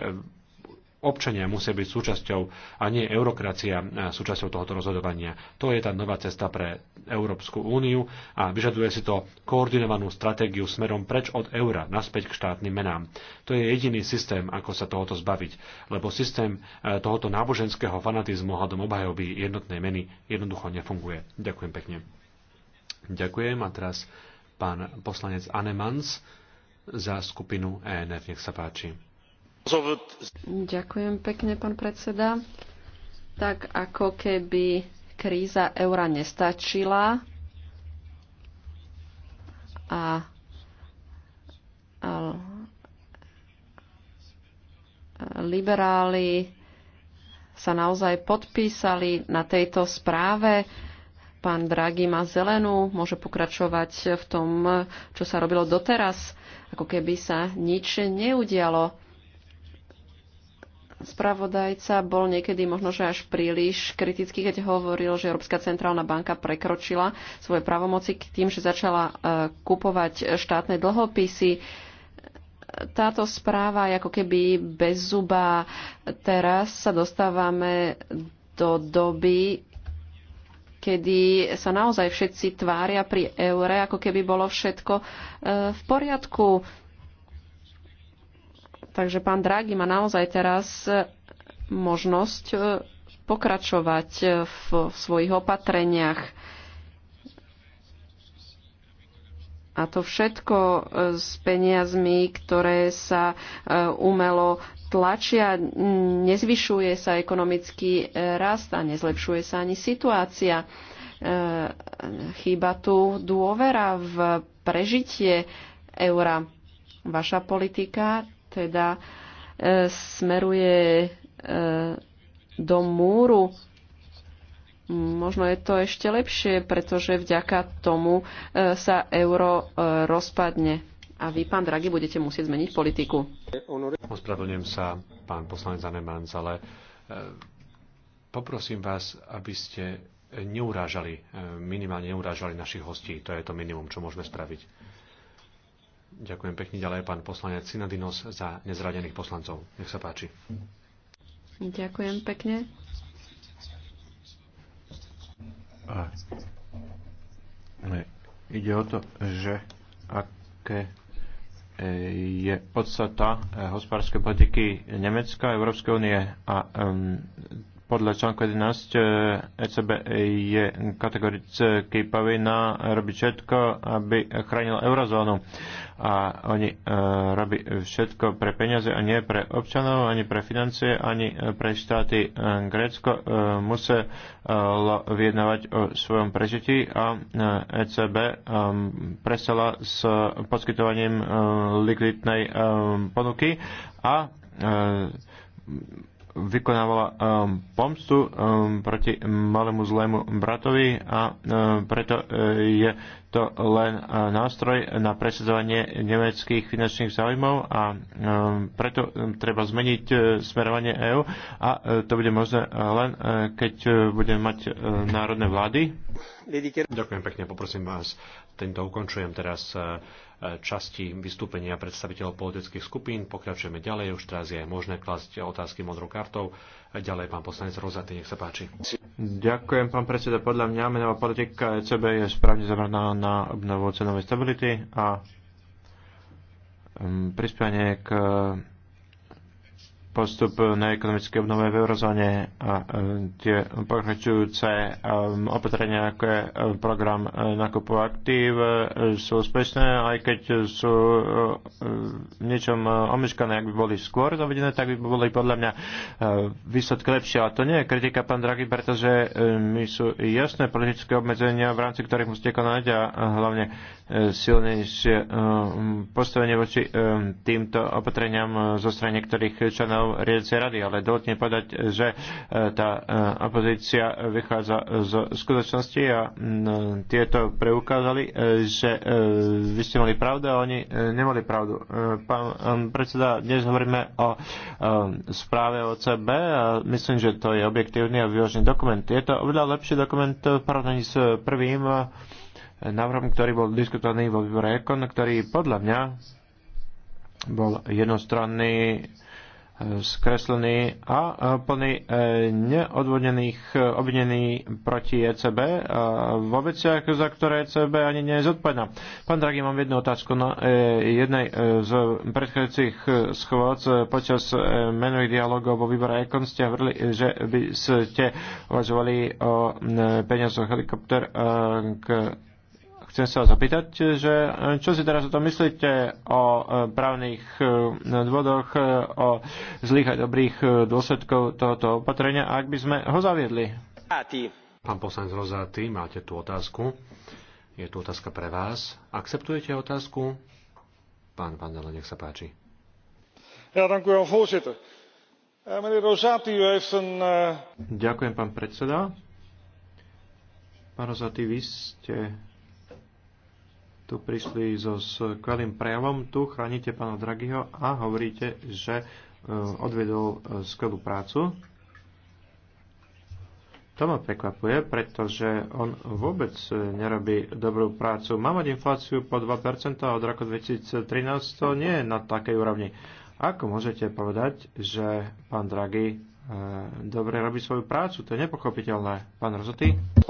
občania musia byť súčasťou a nie eurokracia eh, súčasťou tohoto rozhodovania. To je tá nová cesta pre Európsku úniu a vyžaduje si to koordinovanú stratégiu smerom preč od eura naspäť k štátnym menám. To je jediný systém, ako sa tohoto zbaviť, lebo systém eh, tohoto náboženského fanatizmu hľadom obhajoby jednotnej meny jednoducho nefunguje. Ďakujem pekne. Ďakujem a teraz pán poslanec Anemans za skupinu ENF. Nech sa páči. Ďakujem pekne, pán predseda. Tak ako keby kríza eura nestačila a, a liberáli sa naozaj podpísali na tejto správe. Pán Draghi má zelenú, môže pokračovať v tom, čo sa robilo doteraz, ako keby sa nič neudialo spravodajca bol niekedy možno, že až príliš kritický, keď hovoril, že Európska centrálna banka prekročila svoje pravomoci k tým, že začala e, kupovať štátne dlhopisy. Táto správa je ako keby bez zuba. Teraz sa dostávame do doby, kedy sa naozaj všetci tvária pri eure, ako keby bolo všetko e, v poriadku Takže pán Draghi má naozaj teraz e, možnosť e, pokračovať e, v svojich opatreniach. A to všetko s peniazmi, ktoré sa umelo tlačia, nezvyšuje sa ekonomický rast a nezlepšuje sa ani situácia. Chýba tu dôvera v prežitie eura. Vaša politika teda e, smeruje e, do múru. Možno je to ešte lepšie, pretože vďaka tomu e, sa euro e, rozpadne. A vy, pán Draghi, budete musieť zmeniť politiku. Ospravedlňujem sa, pán poslanec Zanemans, ale e, poprosím vás, aby ste neurážali, e, minimálne neurážali našich hostí. To je to minimum, čo môžeme spraviť. Ďakujem pekne ďalej pán poslanec Sinadinos za nezradených poslancov. Nech sa páči. Ďakujem pekne. A, ne, ide o to, že aké e, je podstata e, hospodárskej politiky Nemecka Európskej únie a um, podľa článku 11 ECB e je kategoricky povinná robiť všetko, aby chránila eurozónu. A oni e, robí všetko pre peniaze a nie pre občanov, ani pre financie, ani pre štáty. E, Grécko e, muselo vyjednávať o svojom prežití a ECB presala presela s poskytovaním likvidnej ponuky a vykonávala um, pomstu um, proti malému zlému bratovi a um, preto uh, je to len uh, nástroj na presadzovanie nemeckých finančných záujmov a preto treba zmeniť uh, smerovanie EÚ a to bude možné len keď budeme mať národné vlády. Ďakujem pekne, poprosím vás. Tento ukončujem teraz časti vystúpenia predstaviteľov politických skupín. Pokračujeme ďalej, už teraz je možné klasť otázky modrou kartou. Ďalej pán poslanec Rozaty, nech sa páči. Ďakujem, pán predseda. Podľa mňa menová politika ECB je správne zameraná na obnovu cenovej stability a mm, prispianie k postup na ekonomické obnove v eurozóne a e, tie pokračujúce e, opatrenia, ako je e, program nákupu aktív, sú úspešné, aj keď sú v niečom omeškané, ak by boli skôr zavedené, tak by boli podľa mňa výsledky lepšie. A to nie je kritika, pán Draghi, pretože my sú jasné politické obmedzenia, v rámci ktorých musíte konať a hlavne silnejšie postavenie voči týmto opatreniam zo strany niektorých členov členov riadiacej rady, ale dovolte povedať, že e, tá e, opozícia vychádza z skutočnosti a tieto preukázali, e, že vy ste mali pravdu a oni nemali pravdu. Pán predseda, dnes hovoríme o správe o CB a myslím, že to je objektívny a vyložený dokument. Je to oveľa lepší dokument v porovnaní s prvým návrhom, ktorý bol diskutovaný vo výbore Ekon, ktorý podľa mňa bol jednostranný skreslený a plný e, neodvodnených e, obvinení proti ECB e, vo veciach, za ktoré ECB ani nie je zodpovedná. Pán Draghi, mám jednu otázku na jednej z predchádzajúcich schôdz počas menových dialogov vo výbore Ekon ste hovorili, že by ste uvažovali o peniazoch helikopter k Chcem sa vás opýtať, že eh, čo si teraz o tom myslíte o eh, právnych eh, dôvodoch, o zlých a dobrých dôsledkov tohoto opatrenia, ak by sme ho zaviedli? Pán poslanec Rozáty, máte tú otázku. Je tu otázka pre vás. Akceptujete otázku? Pán Vandela, nech sa páči. Ja, dank voorzitter. Meneer u heeft een... Ďakujem, pán predseda. Pán Rosati, vy ste tu prišli so skvelým prejavom. Tu chránite pána Dragiho a hovoríte, že e, odvedol e, skvelú prácu. To ma prekvapuje, pretože on vôbec e, nerobí dobrú prácu. Má mať infláciu po 2% od roku 2013, to nie je na takej úrovni. Ako môžete povedať, že pán Draghi Eh, dobre robiť svoju prácu. To je nepochopiteľné, pán Rozoty. Eh,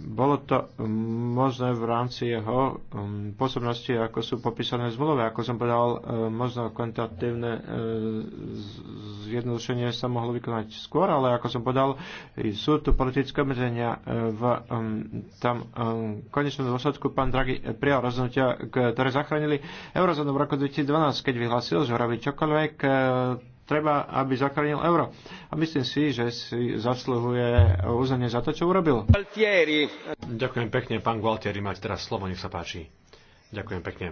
bolo to hm, možné v rámci jeho hm, pôsobnosti, ako sú popísané zmluve. Ako som povedal, eh, možno kvantitatívne zjednodušenie sa mohlo vykonať skôr, ale ako som povedal, sú tu politické obmedzenia. V hm, tam konečnom dôsledku pán Draghi prijal rozhodnutia, ktoré zachránili eurozónu v roku 2012, keď vyhlásil, že robí čokoľvek treba, aby zachránil euro. A myslím si, že si zasluhuje uznanie za to, čo urobil. Gualtieri. Ďakujem pekne, pán Gualtieri, máte teraz slovo, nech sa páči. Ďakujem pekne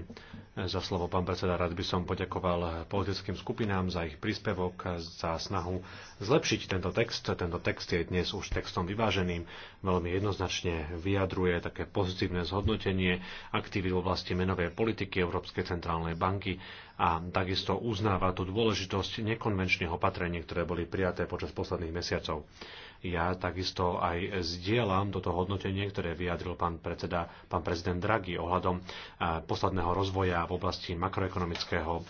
za slovo, pán predseda. Rád by som poďakoval politickým skupinám za ich príspevok, za snahu zlepšiť tento text. Tento text je dnes už textom vyváženým, veľmi jednoznačne vyjadruje také pozitívne zhodnotenie aktivít v oblasti menovej politiky Európskej centrálnej banky a takisto uznáva tú dôležitosť nekonvenčných opatrení, ktoré boli prijaté počas posledných mesiacov. Ja takisto aj zdieľam toto hodnotenie, ktoré vyjadril pán, predseda, pán prezident Draghi ohľadom posledného rozvoja v oblasti makroekonomického,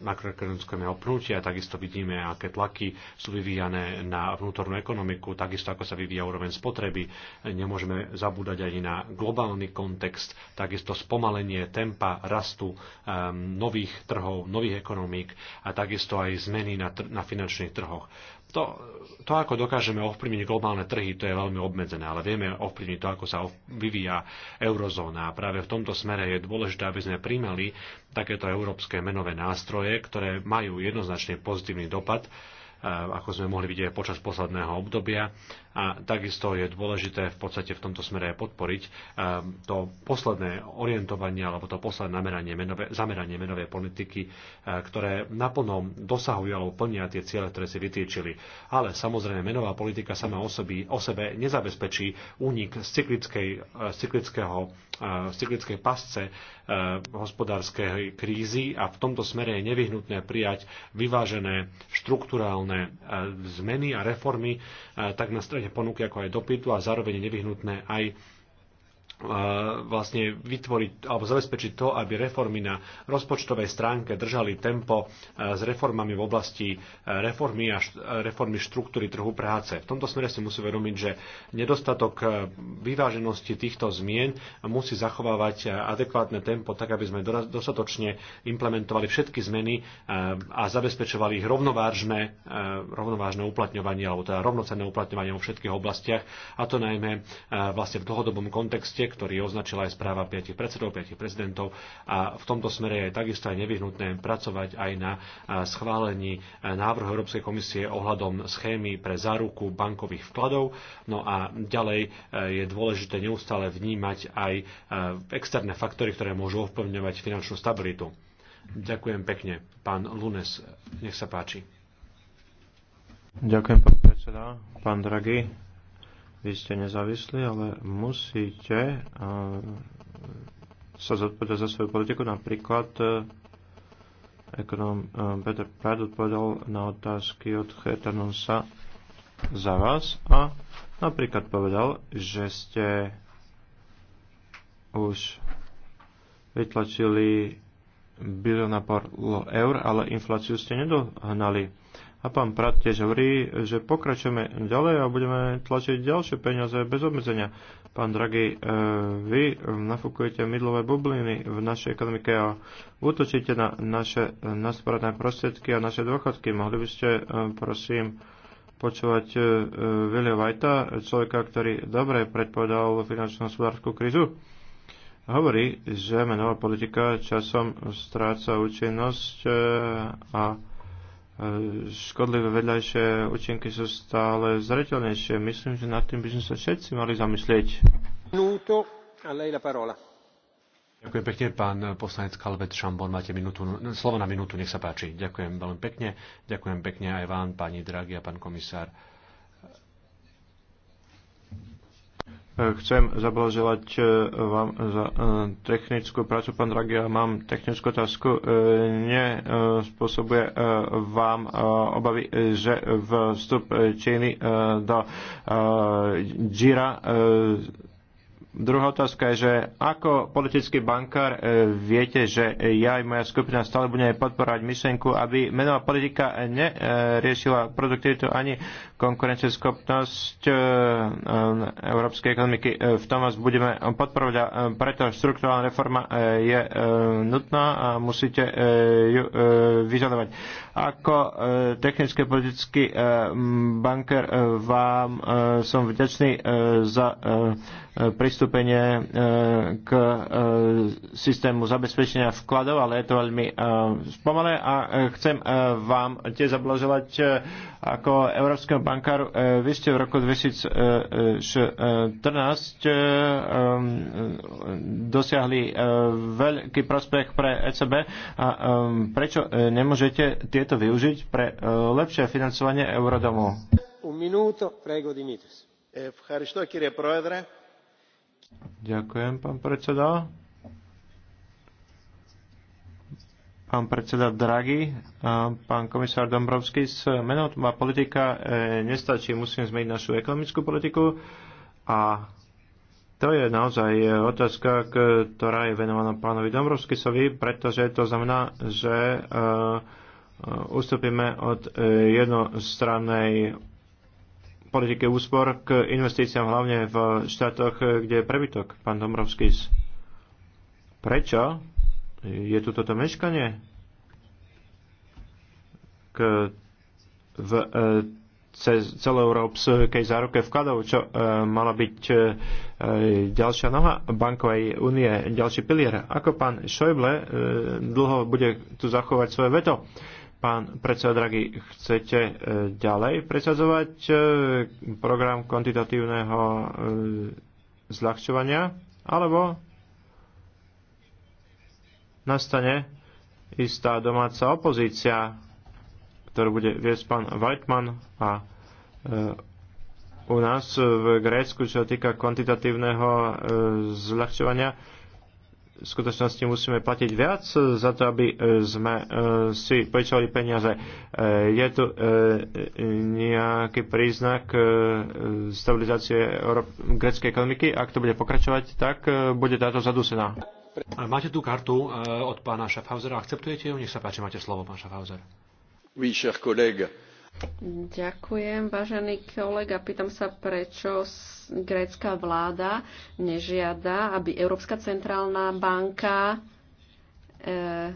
makroekonomického pnutia. Takisto vidíme, aké tlaky sú vyvíjane na vnútornú ekonomiku, takisto ako sa vyvíja úroveň spotreby. Nemôžeme zabúdať ani na globálny kontext, takisto spomalenie tempa rastu nových trhov, nových ekonomík a takisto aj zmeny na, na finančných trhoch to, to, ako dokážeme ovplyvniť globálne trhy, to je veľmi obmedzené, ale vieme ovplyvniť to, ako sa vyvíja eurozóna. A práve v tomto smere je dôležité, aby sme príjmali takéto európske menové nástroje, ktoré majú jednoznačne pozitívny dopad ako sme mohli vidieť počas posledného obdobia. A takisto je dôležité v podstate v tomto smere podporiť to posledné orientovanie alebo to posledné nameranie, menové, zameranie menovej politiky, ktoré naplno dosahujú alebo plnia tie ciele, ktoré si vytýčili. Ale samozrejme menová politika sama o, o sebe nezabezpečí únik z, cyklickej, z cyklického E, v cyklickej pasce e, hospodárskej krízy a v tomto smere je nevyhnutné prijať vyvážené štruktúrálne e, zmeny a reformy tak na strane ponuky ako aj dopytu a zároveň nevyhnutné aj vlastne vytvoriť alebo zabezpečiť to, aby reformy na rozpočtovej stránke držali tempo s reformami v oblasti e, reformy a e, reformy štruktúry trhu práce. V tomto smere si musí vedomiť, že nedostatok e, vyváženosti týchto zmien musí zachovávať adekvátne tempo, tak aby sme dostatočne implementovali všetky zmeny a zabezpečovali ich rovnovážne, rovnovážne uplatňovanie alebo teda rovnocenné uplatňovanie vo všetkých oblastiach a to najmä vlastne v dlhodobom kontexte svete, ktorý označila aj správa 5 predsedov, 5 prezidentov a v tomto smere je takisto aj nevyhnutné pracovať aj na schválení návrhu Európskej komisie ohľadom schémy pre záruku bankových vkladov. No a ďalej e, je dôležité neustále vnímať aj e, externé faktory, ktoré môžu ovplyvňovať finančnú stabilitu. Ďakujem pekne. Pán Lunes, nech sa páči. Ďakujem, pán predseda, pán Draghi vy ste nezávislí, ale musíte sa zodpovedať za svoju politiku. Napríklad e, ekonom e, Peter Pratt odpovedal na otázky od Hertanonsa za vás a napríklad povedal, že ste už vytlačili bilión na pár eur, ale infláciu ste nedohnali a pán Prat tiež hovorí, že pokračujeme ďalej a budeme tlačiť ďalšie peniaze bez obmedzenia. Pán Draghi, e, vy nafúkujete mydlové bubliny v našej ekonomike a útočíte na naše nasporadné prostriedky a naše dôchodky. Mohli by ste, e, prosím, počúvať e, Willia Whitea, človeka, ktorý dobre predpovedal finančnú hospodárskú krízu? Hovorí, že menová politika časom stráca účinnosť a škodlivé vedľajšie účinky sú stále zretelnejšie. Myslím, že nad tým by sme sa všetci mali zamyslieť. Minuto, a lei la parola. Ďakujem pekne, pán poslanec Kalvet Šambon, máte minútu, slovo na minútu, nech sa páči. Ďakujem veľmi pekne, ďakujem pekne aj vám, pani Dragi a pán komisár. Chcem zablaželať eh, vám za eh, technickú prácu, pán Dragi, a mám technickú otázku. Eh, Nespôsobuje vám obavy, že vstup Číny do Jira Druhá otázka je, že ako politický bankár viete, že ja i moja skupina stále budeme podporovať myšlenku, aby menová politika neriešila produktivitu ani konkurenčnosť e, e, európskej ekonomiky. E, v tom vás budeme podporovať a preto štruktúrálna reforma je nutná a musíte ju vyžadovať. Ako technicky politický banker vám som vďačný za pristúpenie k systému zabezpečenia vkladov, ale je to veľmi spomalé a chcem vám tiež zablažovať ako európskeho Bankár, e, Vy ste v roku 2014 e, e, dosiahli veľký prospech pre ECB a prečo nemôžete tieto využiť pre lepšie financovanie eurodomov? Ďakujem, pán predseda. pán predseda Draghi, pán komisár Dombrovský, s menová politika e, nestačí, musíme zmeniť našu ekonomickú politiku a to je naozaj otázka, ktorá je venovaná pánovi Dombrovskisovi, pretože to znamená, že e, ustúpime od e, jednostrannej politiky úspor k investíciám hlavne v štátoch, kde je prebytok, pán Dombrovskis. Prečo? je tu toto meškanie, k, v, e, cez celoeurópskej záruke vkladov, čo e, mala byť e, e ďalšia noha bankovej únie, ďalší pilier. Ako pán Šojble e, dlho bude tu zachovať svoje veto? Pán predseda Draghi, chcete e, ďalej presadzovať e, program kvantitatívneho e, zľahčovania? Alebo nastane istá domáca opozícia, ktorú bude viesť pán Weitman a e, u nás v Grécku, čo sa týka kvantitatívneho e, zľahčovania, v skutočnosti musíme platiť viac za to, aby e, sme si počali peniaze. Je tu nejaký príznak stabilizácie greckej ekonomiky? Ak to bude pokračovať, tak bude táto zadusená. Máte tú kartu eh, od pána Schaffhausera. Akceptujete ju? Nech sa páči, máte slovo, pán Schaffhauser. Oui, cher collègue. Ďakujem, vážený kolega. Pýtam sa, prečo grécka vláda nežiada, aby Európska centrálna banka eh,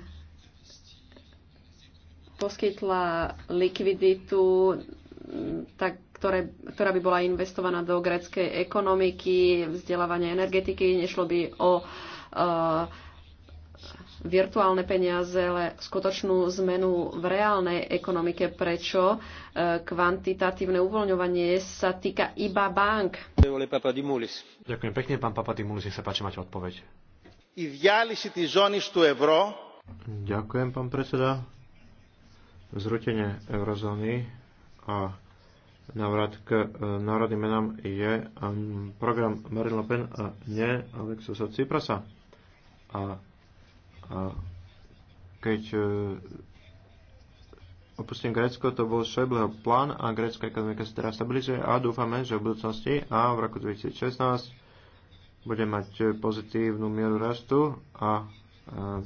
poskytla likviditu, tak, ktoré, ktorá by bola investovaná do gréckej ekonomiky, vzdelávania energetiky. Nešlo by o eh, Eh, virtuálne peniaze, ale skutočnú zmenu v reálnej ekonomike. Prečo eh, kvantitatívne uvoľňovanie sa týka iba bank? Ďakujem pekne, pán Papadimulis, nech sa páči, mať odpoveď. Ďakujem, pán predseda. Zrutenie eurozóny a návrat k eh, národným menám je program Marine Le Pen a nie Alexosa Ciprasa a, a keď e, opustím Grécko, to bol Šojbleho plán a grécka ekonomika sa teraz stabilizuje a dúfame, že v budúcnosti a v roku 2016 bude mať pozitívnu mieru rastu a e,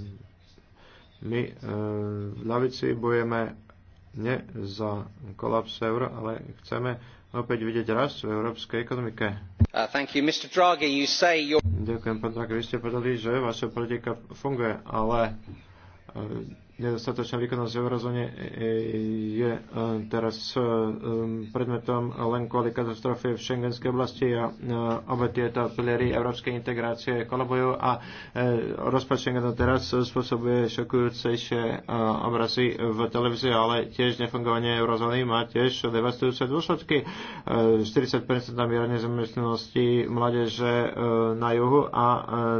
my e, v ľavici bojeme ne za kolaps eur, ale chceme opäť vidieť rast v európskej ekonomike. Uh, you, Draghi, Ďakujem, pán Draghi, vy ste povedali, že vaša politika funguje, ale uh, nedostatočná výkonnosť v eurozóne e, e, je e, teraz predmetom len kvôli katastrofy v šengenskej oblasti a obe tieto piliery európskej integrácie kolabujú a rozpad Schengenu teraz spôsobuje šokujúcejšie obrazy v televízii, ale tiež nefungovanie eurozóny má tiež devastujúce dôsledky. 40% miera zamestnanosti mládeže na juhu a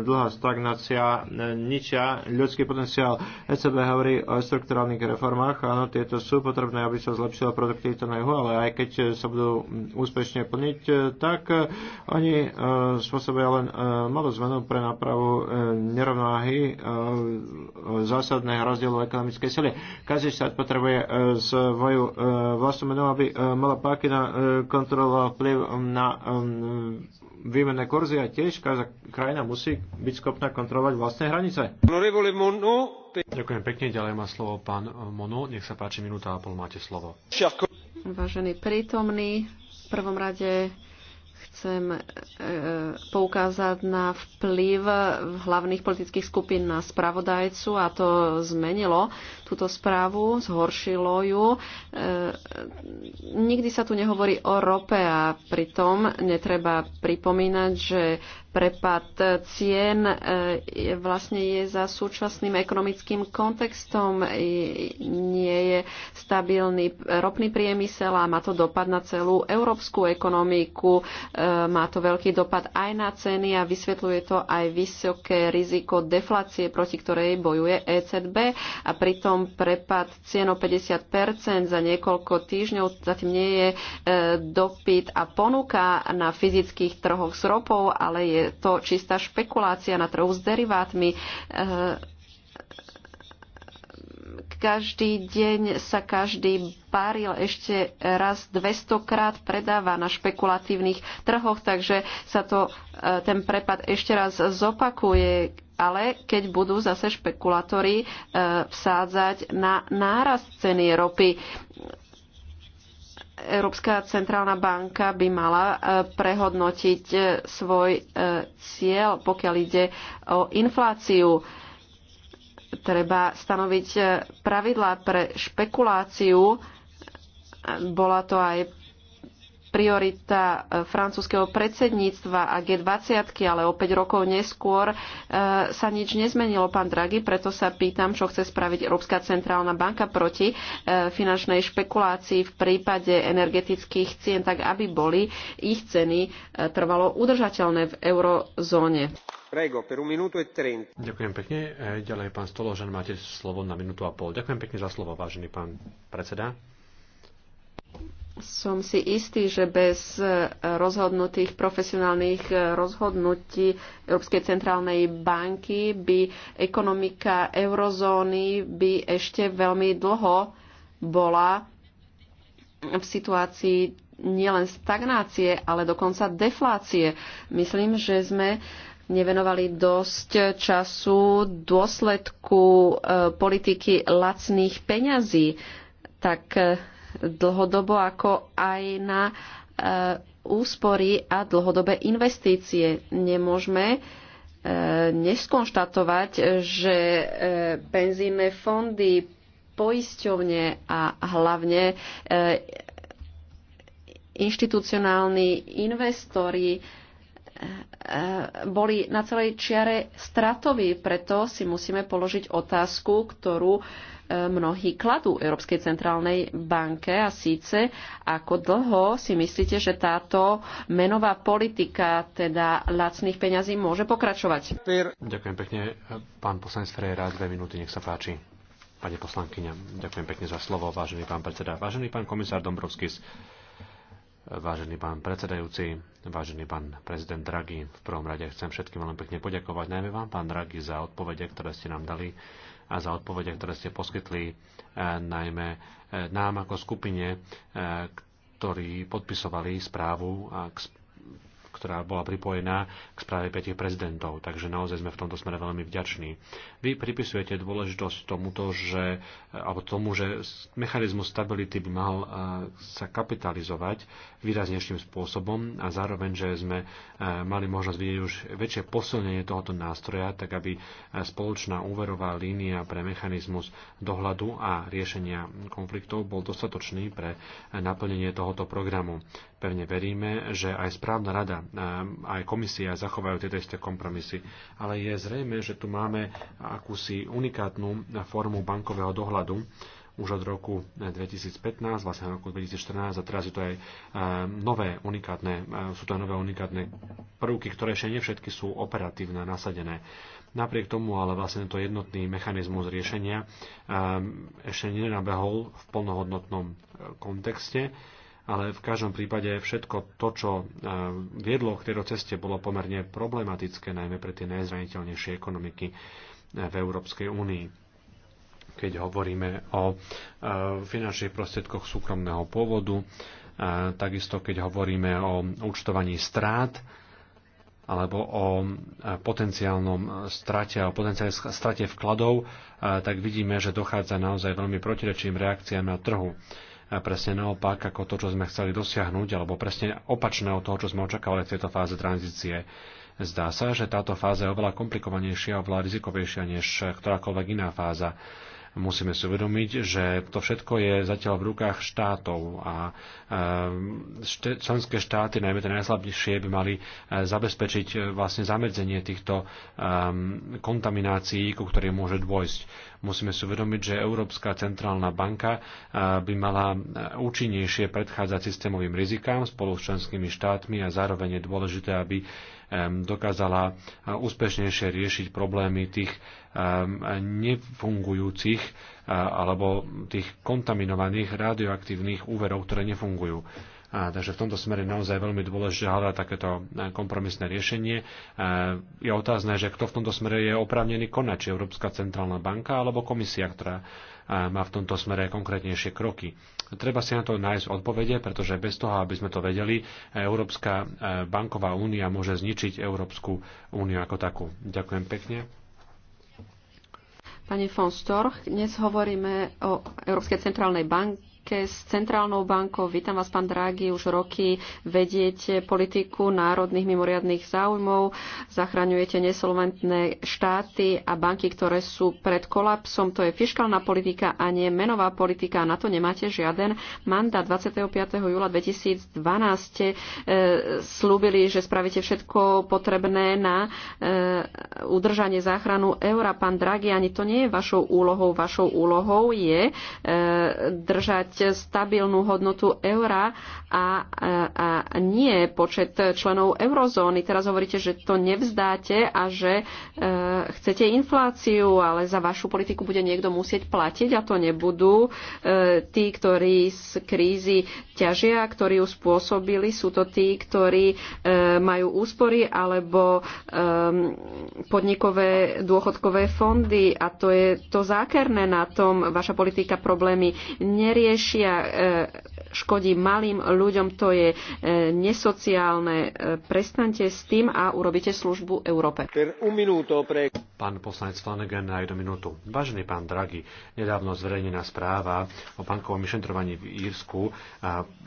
dlhá stagnácia ničia ľudský potenciál. ECB hovorí, hovorí o strukturálnych reformách. Áno, tieto sú potrebné, aby sa zlepšila produktivita na juhu, ale aj keď sa budú úspešne plniť, eh, tak eh, oni eh, spôsobia len malú zmenu pre nápravu uh, zásadného rozdielu ekonomickej sily. Každý štát potrebuje svoju vlastnú menu, aby mala páky na kontrolu vplyv mm, na mm, výmenné kurzy a tiež každá krajina musí byť schopná kontrolovať vlastné hranice. Ďakujem pekne, ďalej má slovo pán eh, Mono. Nech sa páči, minúta a pol máte slovo. Vážený prítomný, v prvom rade chcem eh, poukázať na vplyv hlavných politických skupín na spravodajcu a to zmenilo túto správu, zhoršilo ju. E, nikdy sa tu nehovorí o rope a pritom netreba pripomínať, že prepad cien e, vlastne je za súčasným ekonomickým kontextom. E, nie je stabilný ropný priemysel a má to dopad na celú európsku ekonomiku. E, má to veľký dopad aj na ceny a vysvetľuje to aj vysoké riziko deflácie, proti ktorej bojuje ECB a pritom prepad cien o 50 za niekoľko týždňov. Zatím nie je e, dopyt a ponuka na fyzických trhoch s ropou, ale je to čistá špekulácia na trhu s derivátmi e, každý deň sa každý baril ešte raz 200 krát predáva na špekulatívnych trhoch, takže sa to, e, ten prepad ešte raz zopakuje ale keď budú zase špekulátori e, vsádzať na nárast ceny ropy. Európska centrálna banka by mala e, prehodnotiť e, svoj cieľ, pokiaľ ide o infláciu. Treba stanoviť pravidlá pre špekuláciu. Bola to aj priorita e, francúzského predsedníctva a G20, ale o 5 rokov neskôr e, sa nič nezmenilo, pán Draghi, preto sa pýtam, čo chce spraviť Európska centrálna banka proti e, finančnej špekulácii v prípade energetických cien, tak aby boli ich ceny trvalo udržateľné v eurozóne. Prego, per un minuto e trenta. Ďakujem pekne. Ďalej, pán Stoložan, máte slovo na minútu a pol. Ďakujem pekne za slovo, vážený pán predseda som si istý, že bez e, rozhodnutých profesionálnych e, rozhodnutí Európskej centrálnej banky by ekonomika eurozóny by ešte veľmi dlho bola v situácii nielen stagnácie, ale dokonca deflácie. Myslím, že sme nevenovali dosť času dôsledku e, politiky lacných peňazí. Tak dlhodobo, ako aj na eh, úspory a dlhodobé investície. Nemôžeme eh, neskonštatovať, že eh, penzíne fondy, poisťovne a hlavne inštitucionálni investori E, e, boli na celej čiare stratoví. Preto si musíme položiť otázku, ktorú e, mnohí kladú Európskej centrálnej banke a síce, ako dlho si myslíte, že táto menová politika, teda lacných peňazí, môže pokračovať? Ďakujem pekne. Pán poslanec Frejera, dve minúty, nech sa páči. Pani poslankyňa, ďakujem pekne za slovo, vážený pán predseda. Vážený pán komisár Dombrovskis, Vážený pán predsedajúci, vážený pán prezident Draghi, v prvom rade chcem všetkým veľmi pekne poďakovať, najmä vám, pán Draghi, za odpovede, ktoré ste nám dali a za odpovede, ktoré ste poskytli e, najmä e, nám ako skupine, e, ktorí podpisovali správu, ktorá bola pripojená k správe piatich prezidentov. Takže naozaj sme v tomto smere veľmi vďační. Vy pripisujete dôležitosť tomuto, že, alebo tomu, že mechanizmus stability by mal eh, sa kapitalizovať výraznejším spôsobom a zároveň, že sme eh, mali možnosť vidieť už väčšie posilnenie tohoto nástroja, tak aby eh, spoločná úverová línia pre mechanizmus dohľadu a riešenia konfliktov bol dostatočný pre naplnenie tohoto programu. Pevne veríme, že aj správna rada, aj komisia zachovajú tieto isté kompromisy, ale je zrejme, že tu máme akúsi unikátnu formu bankového dohľadu už od roku 2015, eh, vlastne roku 2014 a teraz je to aj eh, nové unikátne, eh, sú to aj nové unikátne prvky, ktoré ešte nie všetky sú operatívne nasadené. Napriek tomu ale vlastne to jednotný mechanizmus riešenia ešte nenabehol v plnohodnotnom kontexte ale v každom prípade všetko to, čo viedlo k tejto ceste, bolo pomerne problematické, najmä pre tie najzraniteľnejšie ekonomiky v Európskej únii keď hovoríme o e, finančných prostriedkoch súkromného pôvodu, e, takisto keď hovoríme o účtovaní strát alebo o e, potenciálnom strate a potenciálnej strate vkladov, tak vidíme, že dochádza naozaj veľmi protirečným reakciám na trhu. A presne naopak ako to, čo sme chceli dosiahnuť, alebo presne opačné od toho, čo sme očakávali v tejto fáze tranzície. Zdá sa, že táto fáza je oveľa komplikovanejšia, oveľa rizikovejšia než ktorákoľvek iná fáza musíme si uvedomiť, že to všetko je zatiaľ v rukách štátov a e, šte, členské štáty, najmä tie najslabšie, by mali e, zabezpečiť e, vlastne zamedzenie týchto kontaminácií, ku ktorým môže dôjsť. Musíme si uvedomiť, že Európska centrálna banka by mala účinnejšie predchádzať systémovým rizikám spolu s členskými štátmi a zároveň je dôležité, aby dokázala úspešnejšie riešiť problémy tých nefungujúcich alebo tých kontaminovaných radioaktívnych úverov, ktoré nefungujú. A, takže v tomto smere naozaj veľmi dôležité hľadať takéto kompromisné riešenie. A, je otázne, že kto v tomto smere je oprávnený konať, či Európska centrálna banka alebo komisia, ktorá má v tomto smere konkrétnejšie kroky. Treba si na to nájsť odpovede, pretože bez toho, aby sme to vedeli, Európska e, banková únia môže zničiť Európsku úniu ako takú. Ďakujem pekne. Pani von Storch, dnes hovoríme o Európskej centrálnej banke politike s centrálnou bankou. Vítam vás, pán Draghi, už roky vediete politiku národných mimoriadných záujmov, zachraňujete nesolventné štáty a banky, ktoré sú pred kolapsom. To je fiskálna politika a nie menová politika. Na to nemáte žiaden mandát. 25. júla 2012 e, eh, slúbili, že spravíte všetko potrebné na eh, udržanie záchranu eura. Pán Draghi, ani to nie je vašou úlohou. Vašou úlohou je eh, držať mať stabilnú hodnotu eura a, a, a nie počet členov eurozóny. Teraz hovoríte, že to nevzdáte a že e, chcete infláciu, ale za vašu politiku bude niekto musieť platiť a to nebudú e, tí, ktorí z krízy ťažia, ktorí ju spôsobili. Sú to tí, ktorí e, majú úspory alebo e, podnikové dôchodkové fondy a to je to zákerné na tom. Vaša politika problémy nerieši riešia škodí malým ľuďom, to je e, nesociálne. E, Prestante s tým a urobite službu Európe. Pán poslanec Flanagan na jednu minútu. Vážený pán Draghi, nedávno zverejnená správa o bankovom vyšetrovaní v Írsku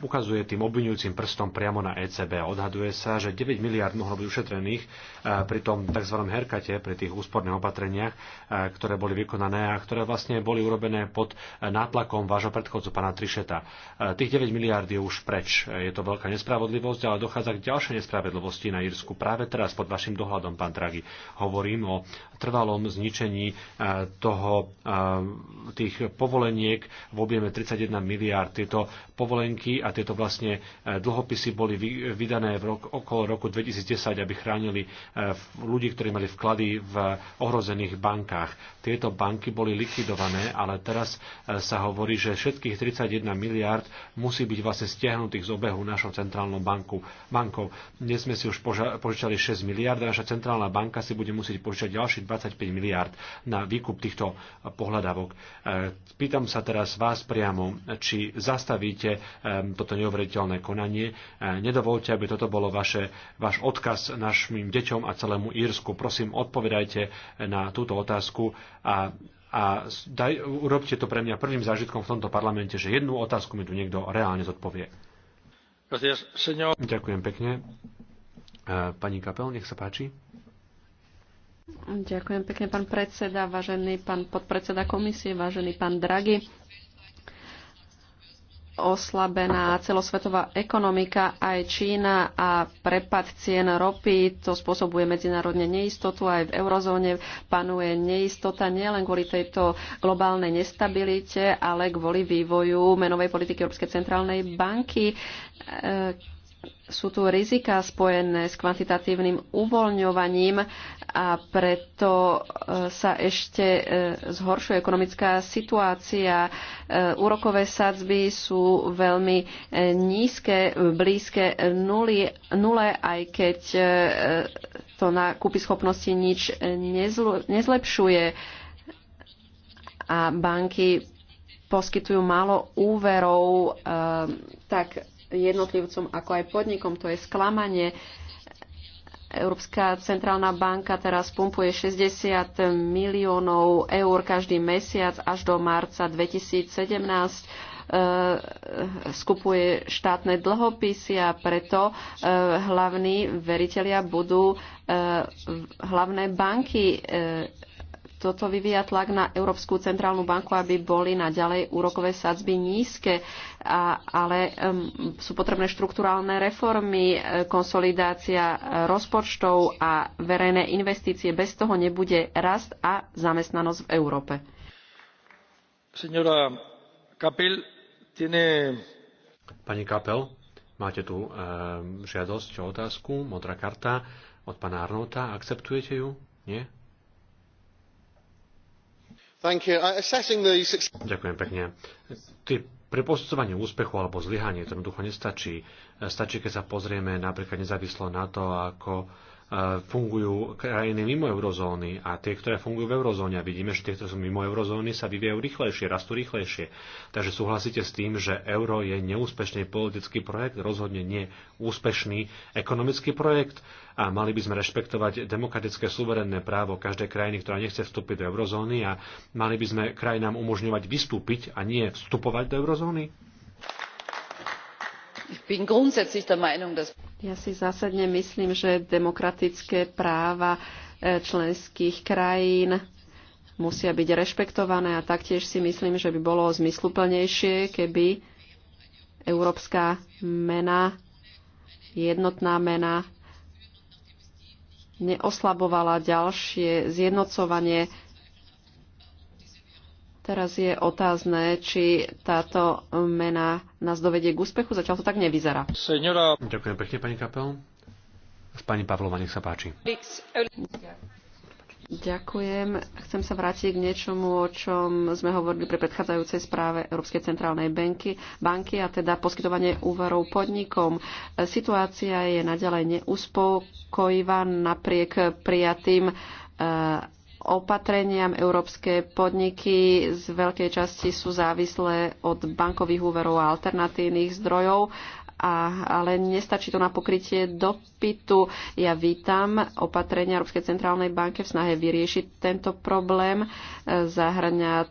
ukazuje tým obvinujúcim prstom priamo na ECB. Odhaduje sa, že 9 miliard mohlo byť ušetrených pri tom tzv. herkate, pri tých úsporných opatreniach, ktoré boli vykonané a ktoré vlastne boli urobené pod nátlakom vášho predchodcu, pána Trišeta. Tých 9 miliárd je už preč. Je to veľká nespravodlivosť, ale dochádza k ďalšej nespravedlivosti na Írsku práve teraz pod vašim dohľadom, pán Draghi. Hovorím o trvalom zničení e, toho, e, tých povoleniek v objeme 31 miliárd. Tieto povolenky a tieto vlastne e, dlhopisy boli vydané v rok, okolo roku 2010, aby chránili ľudí, ktorí mali vklady v ohrozených bankách. Tieto banky boli likvidované, ale teraz sa hovorí, že všetkých 31 miliárd musí byť vlastne stiahnutých z obehu našou centrálnou banku, bankou. Dnes sme si už požičali 6 miliárd a naša centrálna banka si bude musieť požičať ďalších 25 miliard na výkup týchto eh, pohľadavok. Eh, pýtam sa teraz vás priamo, či zastavíte eh, toto neuveriteľné konanie. Nedovolte, aby toto bolo vaše, váš odkaz našim deťom a celému Írsku. Prosím, odpovedajte na túto otázku a a daj, urobte to pre mňa prvým zážitkom v tomto parlamente, že jednu otázku mi tu niekto reálne zodpovie. Ďakujem pekne. Pani Kapel, nech sa páči. Ďakujem pekne, pán predseda, vážený pán podpredseda komisie, vážený pán Draghi oslabená celosvetová ekonomika, aj Čína a prepad cien ropy. To spôsobuje medzinárodne neistotu. Aj v eurozóne panuje neistota nielen kvôli tejto globálnej nestabilite, ale kvôli vývoju menovej politiky Európskej centrálnej banky e, sú tu rizika spojené s kvantitatívnym uvoľňovaním a preto e, sa ešte e, zhoršuje ekonomická situácia. E, úrokové sadzby sú veľmi nízke, blízke nuly, nule, aj keď to na schopnosti nič nezlepšuje a banky poskytujú málo úverov, tak jednotlivcom ako aj podnikom. To je sklamanie. Európska centrálna banka teraz pumpuje 60 miliónov eur každý mesiac až do marca 2017 e, skupuje štátne dlhopisy a preto e, hlavní veriteľia budú e, hlavné banky toto vyvíja tlak na Európsku centrálnu banku, aby boli naďalej úrokové sadzby nízke, a, ale um, sú potrebné štruktúrálne reformy, e, konsolidácia e, rozpočtov a verejné investície. Bez toho nebude rast a zamestnanosť v Európe. Kapil, tiene... Pani Kapel, máte tu e, žiadosť o otázku, modrá karta od pána Arnota. Akceptujete ju? Nie? Uh, Ďakujem pekne. Ty pre posudzovanie úspechu alebo zlyhanie to jednoducho nestačí. Stačí, keď sa pozrieme napríklad nezávislo na to, ako fungujú krajiny mimo eurozóny a tie, ktoré fungujú v eurozóne. A vidíme, že tie, ktoré sú mimo eurozóny, sa vyvíjajú rýchlejšie, rastú rýchlejšie. Takže súhlasíte s tým, že euro je neúspešný politický projekt, rozhodne nie úspešný ekonomický projekt a mali by sme rešpektovať demokratické suverénne právo každej krajiny, ktorá nechce vstúpiť do eurozóny a mali by sme krajinám umožňovať vystúpiť a nie vstupovať do eurozóny? Ja si zásadne myslím, že demokratické práva e, členských krajín musia byť rešpektované a taktiež si myslím, že by bolo zmysluplnejšie, keby európska mena, jednotná mena neoslabovala ďalšie zjednocovanie Teraz je otázne, či táto mena nás dovedie k úspechu. Zatiaľ to tak nevyzerá. Senora. Ďakujem pekne, pani Kapel. Pani Pavlova, nech sa páči. Ďakujem. Chcem sa vrátiť k niečomu, o čom sme hovorili pri predchádzajúcej správe Európskej centrálnej banky, banky a teda poskytovanie úverov podnikom. Situácia je naďalej neuspokojivá napriek prijatým eh, opatreniam. Európske podniky z veľkej časti sú závislé od bankových úverov a alternatívnych zdrojov, a, ale nestačí to na pokrytie dopytu. Ja vítam opatrenia Európskej centrálnej banke v snahe vyriešiť tento problém. Zahrania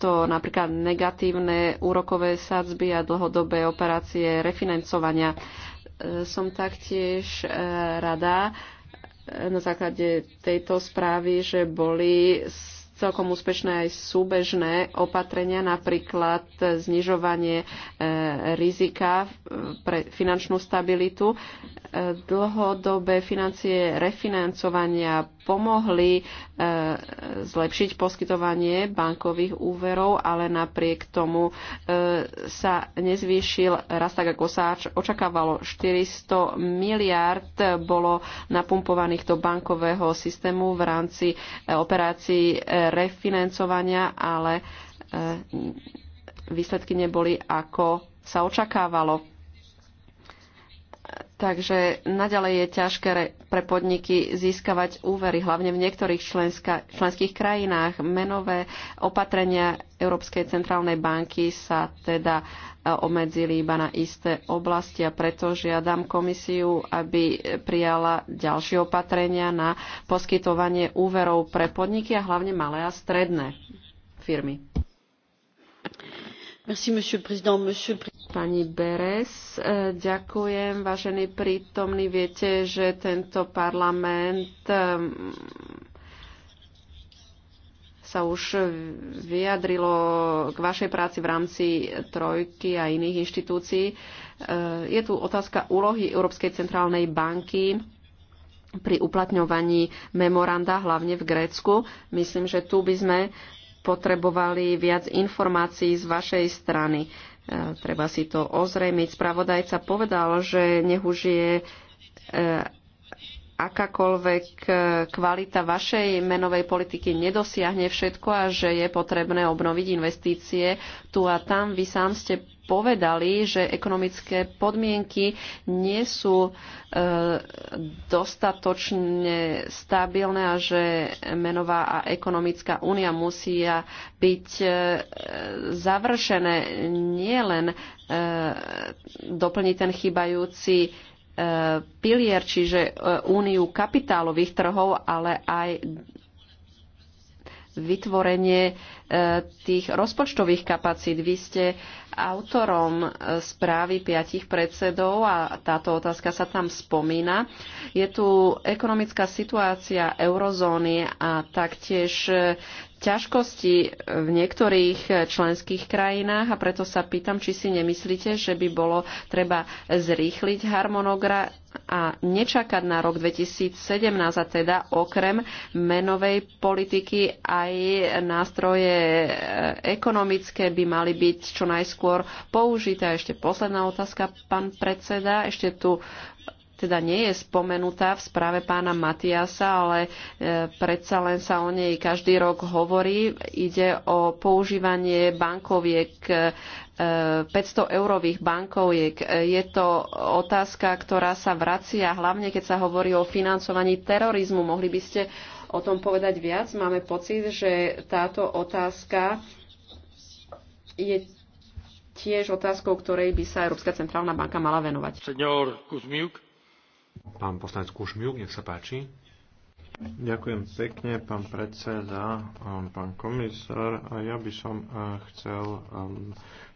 to napríklad negatívne úrokové sadzby a dlhodobé operácie refinancovania. Som taktiež e, rada, na základe tejto správy, že boli celkom úspešné aj súbežné opatrenia, napríklad znižovanie e, rizika e, pre finančnú stabilitu. E, dlhodobé financie refinancovania pomohli zlepšiť poskytovanie bankových úverov, ale napriek tomu sa nezvýšil raz, tak, ako sa očakávalo. 400 miliard bolo napumpovaných do bankového systému v rámci operácií refinancovania, ale e, výsledky neboli ako sa očakávalo. Takže naďalej je ťažké pre podniky získavať úvery, hlavne v niektorých členska, členských krajinách. Menové opatrenia Európskej centrálnej banky sa teda e, obmedzili iba na isté oblasti a preto žiadam komisiu, aby prijala ďalšie opatrenia na poskytovanie úverov pre podniky a hlavne malé a stredné firmy. Pani Beres, e, ďakujem, vážený prítomný. Viete, že tento parlament e, sa už vyjadrilo k vašej práci v rámci trojky a iných inštitúcií. E, je tu otázka úlohy Európskej centrálnej banky pri uplatňovaní memoranda, hlavne v Grécku. Myslím, že tu by sme potrebovali viac informácií z vašej strany. E, treba si to ozrejmiť. Spravodajca povedal, že nech už je e, akákoľvek e, kvalita vašej menovej politiky nedosiahne všetko a že je potrebné obnoviť investície tu a tam. Vy sám ste povedali, že ekonomické podmienky nie sú e, dostatočne stabilné a že menová a ekonomická únia musia byť e, završené nielen e, doplniť ten chybajúci E, pilier, čiže e, úniu kapitálových trhov, ale aj vytvorenie e, tých rozpočtových kapacít. Vy ste autorom správy piatich predsedov a táto otázka sa tam spomína. Je tu ekonomická situácia eurozóny a taktiež ťažkosti v niektorých členských krajinách a preto sa pýtam, či si nemyslíte, že by bolo treba zrýchliť harmonogra a nečakať na rok 2017 a teda okrem menovej politiky aj nástroje eh, ekonomické by mali byť čo najskôr použité. A ešte posledná otázka, pán predseda. Ešte tu teda nie je spomenutá v správe pána Matiasa, ale e, predsa len sa o nej každý rok hovorí. Ide o používanie bankoviek 500 e, eurových bankoviek. E, je to otázka, ktorá sa vracia, hlavne keď sa hovorí o financovaní terorizmu. Mohli by ste o tom povedať viac? Máme pocit, že táto otázka je tiež otázkou, ktorej by sa Európska centrálna banka mala venovať. Senior Kuzmiuk. Pán poslanec Kušmiuk, nech sa páči. Ďakujem pekne, pán predseda, pán komisár. A ja by som eh, chcel eh,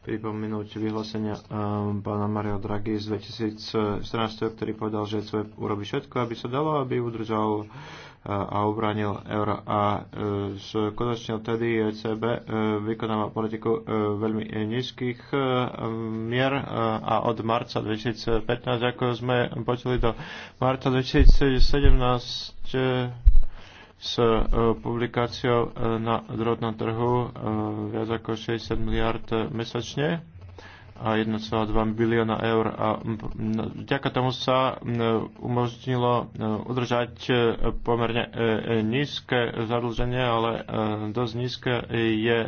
pripomenúť vyhlásenia um, pána Mario Draghi z 2014, ktorý povedal, že CVP urobí všetko, aby sa dalo, aby udržal uh, a obránil euro. A uh, skutočne odtedy ECB uh, vykonáva politiku uh, veľmi nízkych uh, mier uh, a od marca 2015, ako sme počuli do marca 2017, s e, publikáciou e, na drobnom trhu e, viac ako 60 miliard mesačne a 1,2 bilióna eur. A no, vďaka tomu sa umožnilo e, udržať e, pomerne e, nízke zadlženie, ale dosť nízke je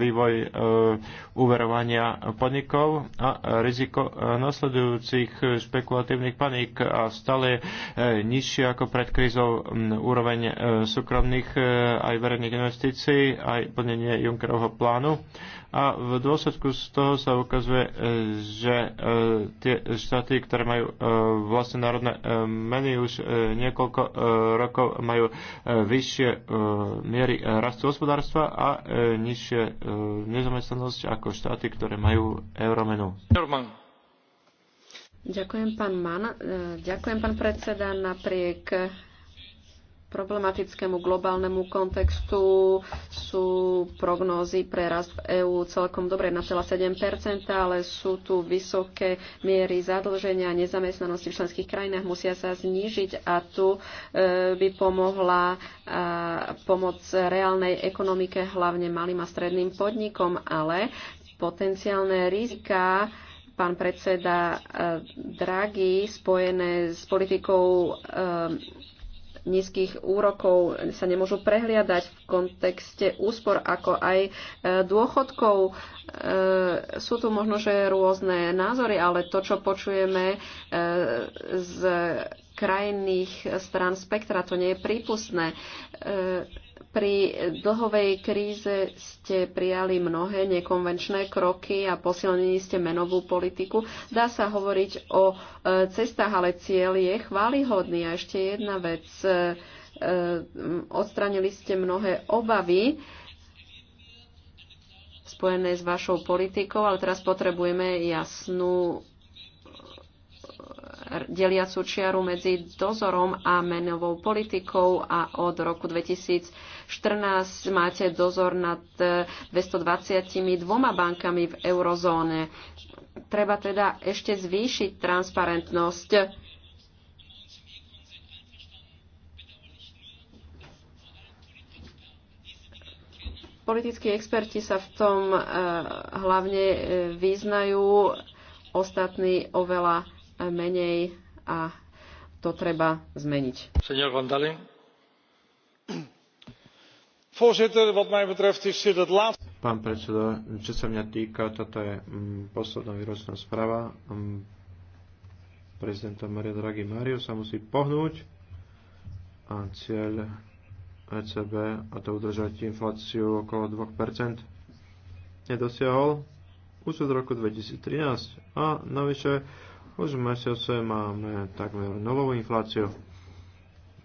vývoj uverovania podnikov a riziko nasledujúcich špekulatívnych paník a stále nižšie ako pred krízou úroveň súkromných aj verejných investícií, aj plnenie Junckerovho plánu a v dôsledku z toho sa ukazuje, e, že e, tie štáty, ktoré majú e, vlastne národné meny už niekoľko rokov majú vyššie miery rastu hospodárstva a nižšie nezamestnanosť ako štáty, ktoré majú euromenu. Ďakujem, pán Man. Ďakujem, pán predseda. Napriek problematickému globálnemu kontextu sú prognózy pre rast v EÚ celkom dobre 7 ale sú tu vysoké miery zadlženia a nezamestnanosti v členských krajinách, musia sa znížiť a tu e, by pomohla e, pomoc reálnej ekonomike, hlavne malým a stredným podnikom, ale potenciálne rizika pán predseda e, Draghi spojené s politikou nízkych úrokov sa nemôžu prehliadať v kontexte úspor, ako aj e, dôchodkov. E, sú tu možno, že rôzne názory, ale to, čo počujeme e, z krajných strán spektra, to nie je prípustné. Pri dlhovej kríze ste prijali mnohé nekonvenčné kroky a posilnili ste menovú politiku. Dá sa hovoriť o e, cestách, ale cieľ je chválihodný. A ešte jedna vec. E, e, odstranili ste mnohé obavy spojené s vašou politikou, ale teraz potrebujeme jasnú deliacu čiaru medzi dozorom a menovou politikou a od roku 2000 14 máte dozor nad 222 e, bankami v eurozóne. Treba teda ešte zvýšiť transparentnosť. Politickí experti sa v tom e, hlavne e, význajú, ostatní oveľa menej a to treba zmeniť. Voorzitter, wat mij betreft is dit het laatste. Pán predseda, čo sa mňa týka, toto je m, mm, posledná výročná správa. M, mm, prezidenta Maria Draghi Mario sa musí pohnúť a cieľ ECB, a to udržať infláciu okolo 2%, nedosiahol už od roku 2013 a navyše už v mesiace máme takmer novú infláciu.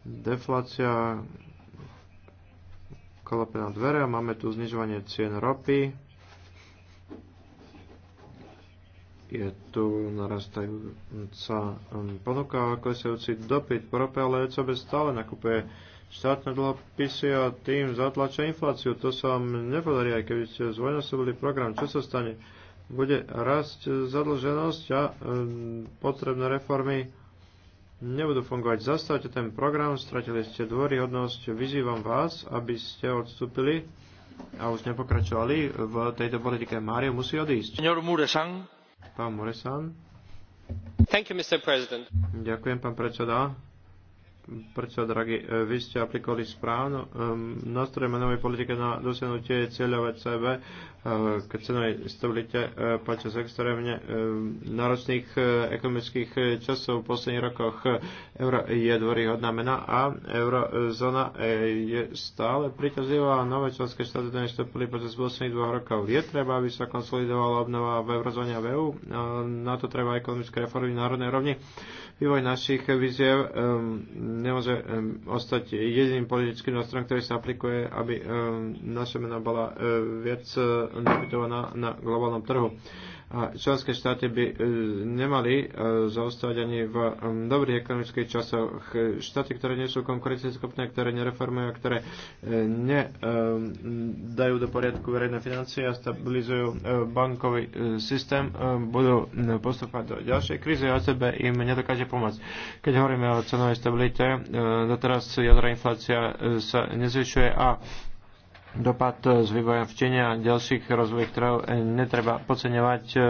Deflácia klope na dvere a máme tu znižovanie cien ropy. Je tu narastajúca um, ponuka a klesajúci dopyt po rope, ale ECB stále nakupuje štátne dlhopisy a tým zatlačia infláciu. To sa vám nepodarí, aj keby ste zvojnosobili program. Čo sa stane? Bude rast zadlženosť a um, potrebné reformy nebudú fungovať. Zastavte ten program, stratili ste dôryhodnosť. Vyzývam vás, aby ste odstúpili a už nepokračovali v tejto politike. Mário musí odísť. Pán Muresan. Thank you, Mr. President. Ďakujem, pán predseda predseda dragi, e, vy ste aplikovali správno e, nástroje menovej politike na dosiahnutie cieľov ECB e, k cenovej stabilite počas extrémne náročných ekonomických časov v posledných rokoch. Euro je dôryhodná mena a eurozóna je stále priťazlivá a nové členské štáty to vstúpili počas posledných dvoch rokov. Je treba, aby sa konsolidovala obnova v eurozóne a v EU. Na to treba ekonomické reformy národnej rovni vývoj našich víziev ehm, nemôže ehm, ostať jediným politickým nástrojom, ktorý sa aplikuje, aby ehm, naša mena bola eh, viac dopytovaná eh, na globálnom trhu. A členské štáty by e, nemali e, zaostávať ani v dobrých ekonomických časoch. E, štáty, ktoré nie sú konkurencieschopné, ktoré nereformujú, ktoré nedajú do poriadku verejné financie a stabilizujú bankový systém, budú postupovať do ďalšej krízy a sebe im nedokáže pomôcť. Keď hovoríme o cenovej stabilite, doteraz jadra inflácia sa nezvyšuje a dopad s eh, vývojom vtenia a ďalších rozvojových trhov eh, netreba podceňovať eh,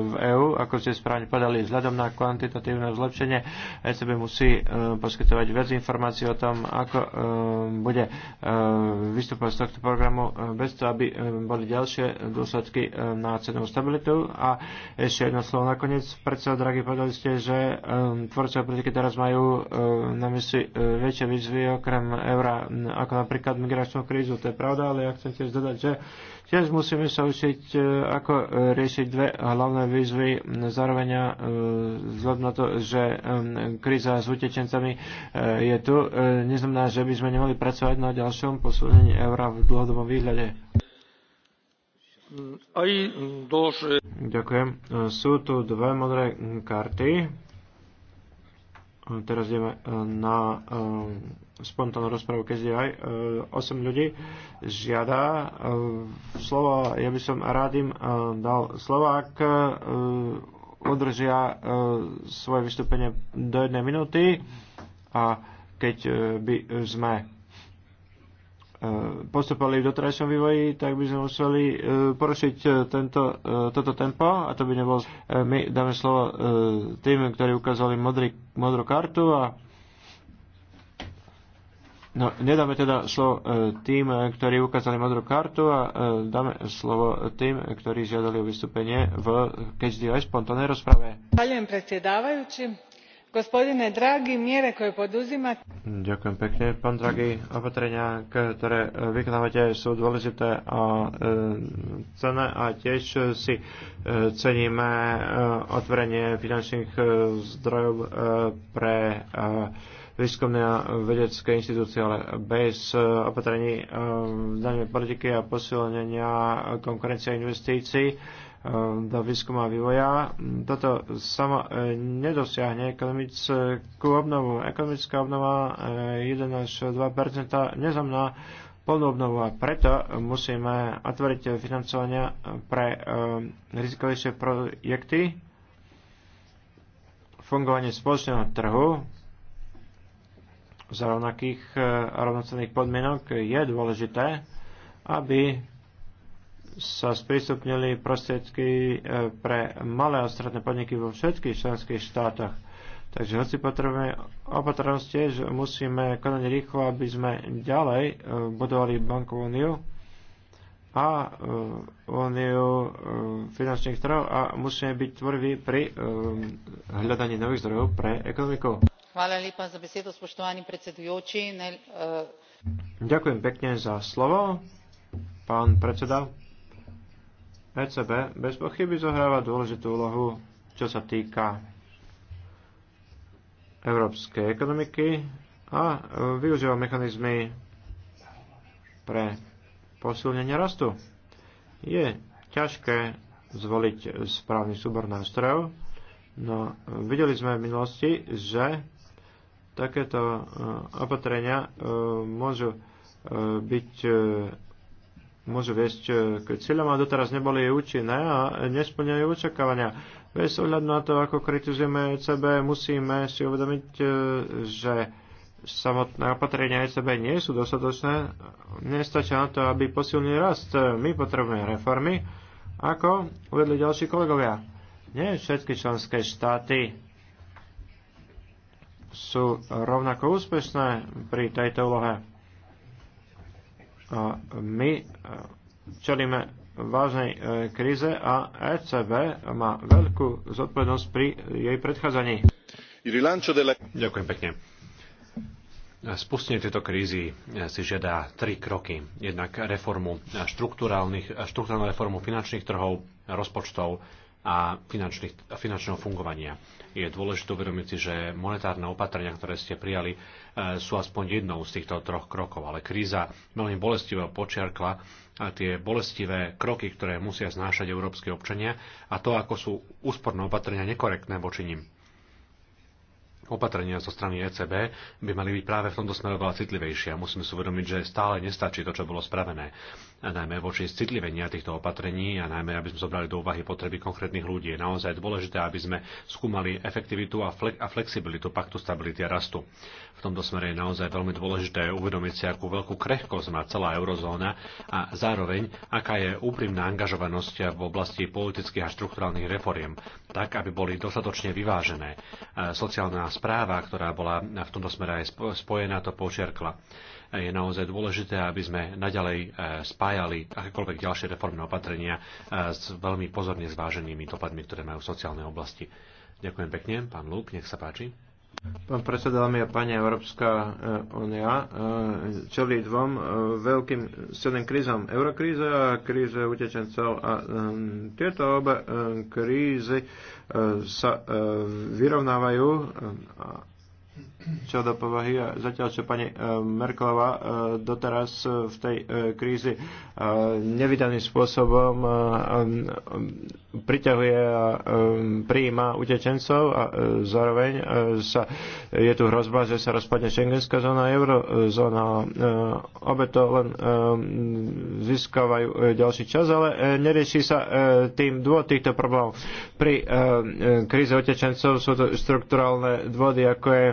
v EÚ. Ako ste správne podali, vzhľadom na kvantitatívne zlepšenie ECB musí poskytovať viac informácií o tom, ako bude vystupovať z tohto programu bez toho, aby boli ďalšie dôsledky na cenovú stabilitu. A ešte jedno slovo nakoniec. Predsa, drahý, povedali ste, že tvorcovia politiky teraz majú na mysli väčšie výzvy okrem eura, ako napríklad migračnú krízu. To je pravda, ale ja chcem tiež dodať, že tiež musíme sa učiť, e, ako e, riešiť dve hlavné výzvy zároveň e, vzhľadom na to, že kríza s utečencami je tu. Neznamená, že by sme nemali pracovať na ďalšom posúdení eura v dlhodobom výhľade. Ďakujem. Sú tu dve modré karty. Teraz ideme na spontánnu rozpravu, keď je aj 8 e, ľudí žiada e, slovo. Ja by som rád im e, dal Slovák udržia svoje vystúpenie do jednej minúty a keď by sme postupovali v doterajšom vývoji, tak by sme museli porušiť tento, toto tempo a to by nebolo. My dáme slovo tým, ktorí ukázali modrý, modrú kartu a No, nedáme teda slovo e, tým, e, ktorí ukázali modrú kartu a e, dáme slovo tým, ktorí žiadali o vystúpenie v keďže aj spontánnej rozprave. Ďakujem predsedávajúci. Gospodine Draghi, miere koje poduzimate... Ďakujem pekne, pán Draghi. Opatrenia, ktoré vykonávate, sú dôležité a e, cené a tiež si e, ceníme e, otvorenie finančných e, zdrojov e, pre e, výskumné a vedecké inštitúcie, ale bez eh, opatrení eh, daňovej politiky a posilnenia konkurencie investícií eh, do výskuma a vývoja. Toto samo nedosiahne ekonomickú obnovu. Ekonomická obnova 1 až 2 neznamená plnú obnovu a preto musíme otvoriť financovania pre rizikovejšie projekty, fungovanie spoločného trhu, za rovnakých a e, rovnocenných podmienok, je dôležité, aby sa sprístupnili prostriedky e, pre malé a stredné podniky vo všetkých členských štátoch. Takže hoci potrebujeme opatrnosti, že musíme konať rýchlo, aby sme ďalej e, budovali bankovú úniu a úniu finančných trhov a musíme byť tvorví pri hľadaní nových zdrojov pre ekonomiku. Eh, Ďakujem pekne za slovo, pán predseda. ECB bez pochyby zohráva dôležitú úlohu, čo sa týka európskej ekonomiky a eh, využíva mechanizmy pre posilnenie rastu. Je ťažké zvoliť správny súbor nástrojov, no eh, videli sme v minulosti, že Takéto eh, opatrenia eh, môžu eh, byť môžu viesť k cieľom a doteraz neboli účinné a nesplňajú očakávania. Bez ohľadu na to, ako kritizujeme ECB, musíme si uvedomiť, že samotné opatrenia ECB nie sú dostatočné. Nestačia na to, aby posilnil rast. My potrebujeme reformy, ako uvedli ďalší kolegovia. Nie všetky členské štáty sú rovnako úspešné pri tejto úlohe. My e, čelíme vážnej e, kríze a ECB má veľkú zodpovednosť pri jej predchádzaní. Ďakujem pekne. Spustenie tejto krízy e, si žiada tri kroky. Jednak reformu štruktúrálnych, štruktúrálnu reformu finančných trhov, rozpočtov a finančného fungovania. Je dôležité uvedomiť si, že monetárne opatrenia, ktoré ste prijali, e, sú aspoň jednou z týchto troch krokov. Ale kríza veľmi bolestivo počiarkla a e, tie bolestivé kroky, ktoré musia znášať európske občania a to, ako sú úsporné opatrenia nekorektné voči nim opatrenia zo strany ECB by mali byť práve v tomto smere oveľa citlivejšie a musíme si uvedomiť, že stále nestačí to, čo bolo spravené. A najmä voči citlivenia týchto opatrení a najmä, aby sme zobrali do úvahy potreby konkrétnych ľudí. Je naozaj dôležité, aby sme skúmali efektivitu a, fle- a flexibilitu paktu stability a rastu. V tomto smere je naozaj veľmi dôležité uvedomiť si, akú veľkú krehkosť má celá eurozóna a zároveň, aká je úprimná angažovanosť v oblasti politických a štrukturálnych reforiem, tak, aby boli dostatočne vyvážené. Sociálna správa, ktorá bola v tomto smere aj spojená, to počiarkla. Je naozaj dôležité, aby sme naďalej e, spájali akékoľvek ďalšie reformné opatrenia e, s veľmi pozorne zváženými dopadmi, ktoré majú v sociálnej oblasti. Ďakujem pekne, pán Lúk, nech sa páči. Pán predseda, dámy a páni, Európska eh, únia eh, čelí dvom eh, veľkým silným krízom. Eurokríza a kríze utečencov. A ehm, tieto obe krízy sa vyrovnávajú čo do povahy. A zatiaľ, čo pani e, Merkelová e, doteraz e, v tej krízi nevydaným spôsobom priťahuje a prijíma utečencov a zároveň sa, je tu hrozba, že sa rozpadne šengenská zóna a eurozóna. Obe to len získavajú ďalší čas, ale nerieši sa tým dôvod týchto problémov. Pri kríze utečencov sú to strukturálne dôvody, ako je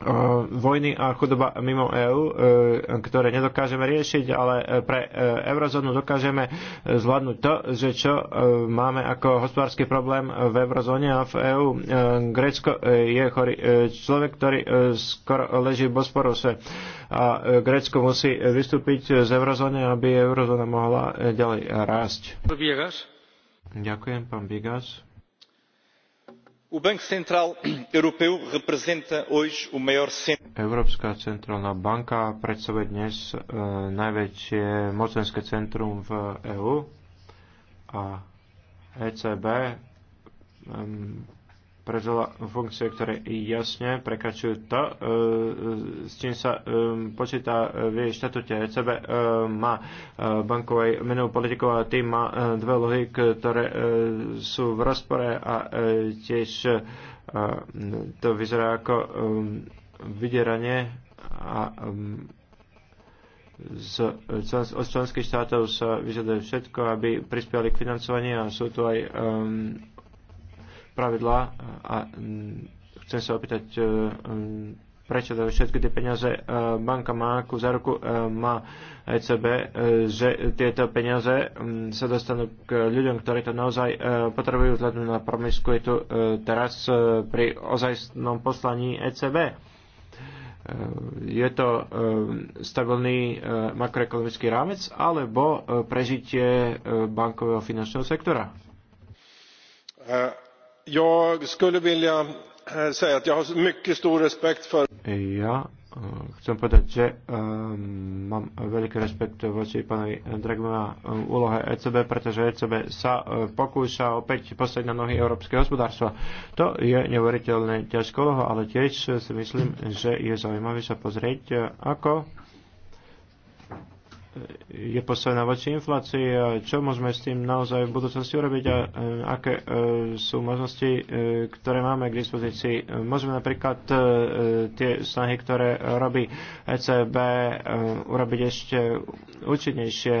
Eh, vojny a chudoba mimo EÚ, eh, ktoré nedokážeme riešiť, ale eh, pre eurozónu dokážeme zvládnuť to, že čo máme ako hospodársky problém v eurozóne a v EÚ. Grécko je chorý človek, ktorý skoro leží v Bosporuse a Grécko musí vystúpiť z eurozóny, aby eurozóna mohla ďalej rásť. Ďakujem, pán Bigas. Európska centrálna banka predstavuje dnes eh, najväčšie mocenské centrum v EÚ a ECB predala funkcie, ktoré jasne prekračujú to, e, e, s čím sa e, počíta v jej štatute. ECB má bankovej menovú politikov a tým má dve lohy, ktoré sú v rozpore a tiež to vyzerá ako vydieranie a z, od členských štátov sa vyžaduje všetko, aby prispiali k financovaniu a sú tu aj um, pravidlá e, a chcem sa opýtať, e, prečo dajú všetky tie peniaze e, banka má za záruku má ECB, že tieto peniaze sa dostanú k ľuďom, ktorí to naozaj potrebujú vzhľadom na Je tu teraz pri ozajstnom poslaní ECB. Je to stabilný makroekonomický rámec alebo prežitie bankového finančného sektora? Eh, ja eh, chcem povedať, že ehm, mám veľký rešpekt voči pánovi Dragovi na eh, úlohe ECB, pretože ECB sa pokúša opäť postaviť na nohy európske hospodárstva. To je neuveriteľne ťažká úloha, ale tiež si myslím, že je zaujímavé sa pozrieť, ako je postavená voči inflácii a čo môžeme s tým naozaj v budúcnosti urobiť a e, aké e, sú možnosti, e, ktoré máme k dispozícii. Môžeme napríklad tie snahy, ktoré robí ECB, urobiť ešte účinnejšie.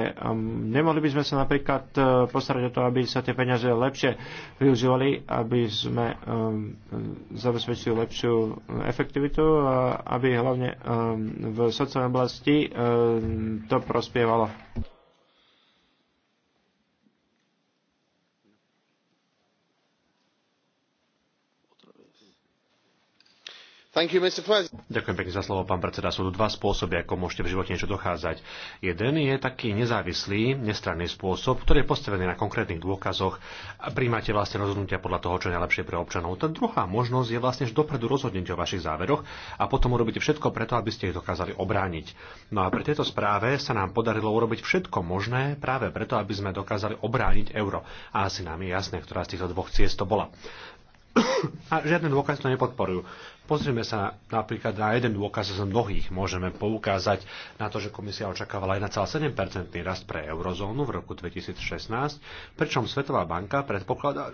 Nemohli by sme sa napríklad postarať o to, aby sa tie peniaze lepšie využívali, aby sme zabezpečili lepšiu efektivitu a aby hlavne v sociálnej oblasti to prostredie prospievalo Ďakujem pekne za slovo, pán predseda. Sú tu dva spôsoby, ako môžete v živote niečo dochádzať. Jeden je taký nezávislý, nestranný spôsob, ktorý je postavený na konkrétnych dôkazoch a príjmate vlastne rozhodnutia podľa toho, čo je najlepšie pre občanov. Tá druhá možnosť je vlastne, že dopredu rozhodnete o vašich záveroch a potom urobíte všetko preto, aby ste ich dokázali obrániť. No a pri tejto správe sa nám podarilo urobiť všetko možné práve preto, aby sme dokázali obrániť euro. A asi nám je jasné, ktorá z týchto dvoch ciest to bola. A žiadne dôkazy to nepodporujú. Pozrieme sa napríklad na jeden dôkaz z mnohých. Môžeme poukázať na to, že komisia očakávala 1,7% rast pre eurozónu v roku 2016, pričom Svetová banka predpokladá,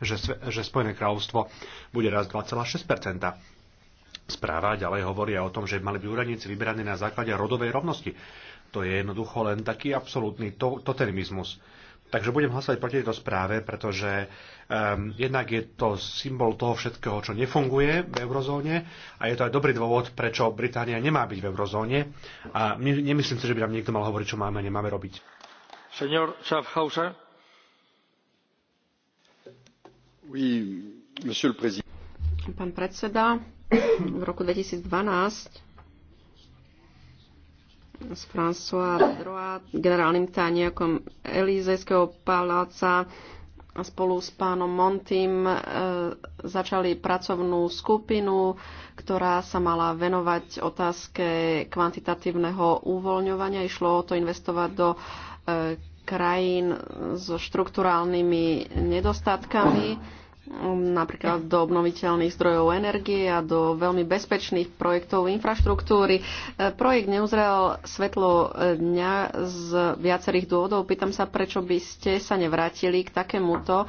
že, že Spojené kráľovstvo bude rast 2,6%. Správa ďalej hovoria o tom, že mali by úradníci vyberaní na základe rodovej rovnosti. To je jednoducho len taký absolútny totemizmus. Takže budem hlasovať proti tejto správe, pretože um, jednak je to symbol toho všetkého, čo nefunguje v eurozóne a je to aj dobrý dôvod, prečo Británia nemá byť v eurozóne a my, nemyslím si, že by nám niekto mal hovoriť, čo máme a nemáme robiť. Senior Schaffhauser. Oui, monsieur le président. Pán predseda, v roku 2012 s François Droa, generálnym tajniakom Elizejského paláca a spolu s pánom Montim e, začali pracovnú skupinu, ktorá sa mala venovať otázke kvantitatívneho uvoľňovania. Išlo o to investovať do e, krajín so štruktúrálnymi nedostatkami Um, napríklad do obnoviteľných zdrojov energie a do veľmi bezpečných projektov infraštruktúry. E, projekt neuzrel svetlo e, dňa z viacerých dôvodov. Pýtam sa, prečo by ste sa nevrátili k takémuto e,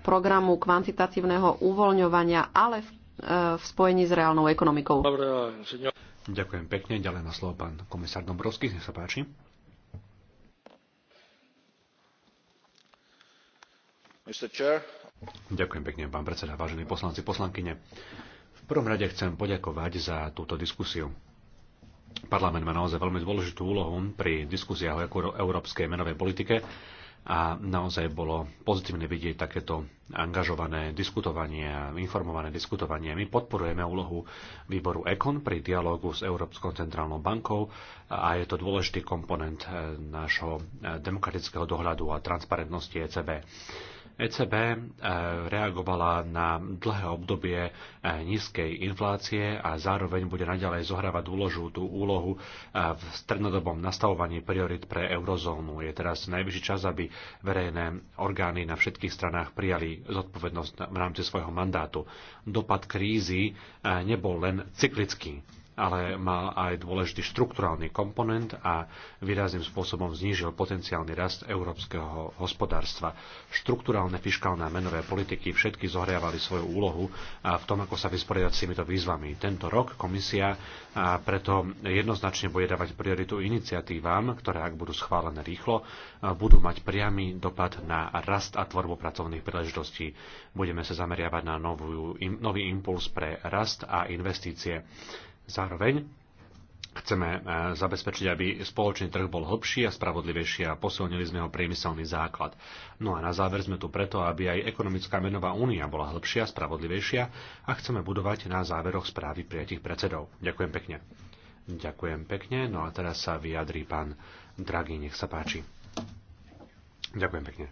programu kvantitatívneho uvoľňovania, ale v, v spojení s reálnou ekonomikou. Ďakujem pekne. Ďalej na slovo pán komisár Dombrovský. Nech sa páči. Mr. Chair, Ďakujem pekne, pán predseda, vážení poslanci, poslankyne. V prvom rade chcem poďakovať za túto diskusiu. Parlament má naozaj veľmi dôležitú úlohu pri diskusiách o európskej menovej politike a naozaj bolo pozitívne vidieť takéto angažované diskutovanie a informované diskutovanie. My podporujeme úlohu výboru ECON pri dialogu s Európskou centrálnou bankou a je to dôležitý komponent eh, nášho eh, demokratického dohľadu a transparentnosti ECB. ECB eh, reagovala na dlhé obdobie eh, nízkej inflácie a zároveň bude naďalej zohrávať úložu, tú úlohu eh, v strednodobom nastavovaní priorit pre eurozónu. Je teraz najvyšší čas, aby verejné orgány na všetkých stranách prijali zodpovednosť v rámci svojho mandátu. Dopad krízy nebol len cyklický ale mal aj dôležitý štrukturálny komponent a výrazným spôsobom znížil potenciálny rast európskeho hospodárstva. Štrukturálne fiskálne a menové politiky všetky zohrávali svoju úlohu v tom, ako sa vysporiadať s týmito výzvami. Tento rok komisia preto jednoznačne bude dávať prioritu iniciatívam, ktoré ak budú schválené rýchlo, budú mať priamy dopad na rast a tvorbu pracovných príležitostí. Budeme sa zameriavať na novú, nový impuls pre rast a investície Zároveň chceme e, zabezpečiť, aby spoločný trh bol hlbší a spravodlivejší a posilnili sme ho priemyselný základ. No a na záver sme tu preto, aby aj ekonomická menová únia bola hlbšia a spravodlivejšia a chceme budovať na záveroch správy prijatých predsedov. Ďakujem pekne. Ďakujem pekne. No a teraz sa vyjadrí pán Dragý, Nech sa páči. Ďakujem pekne.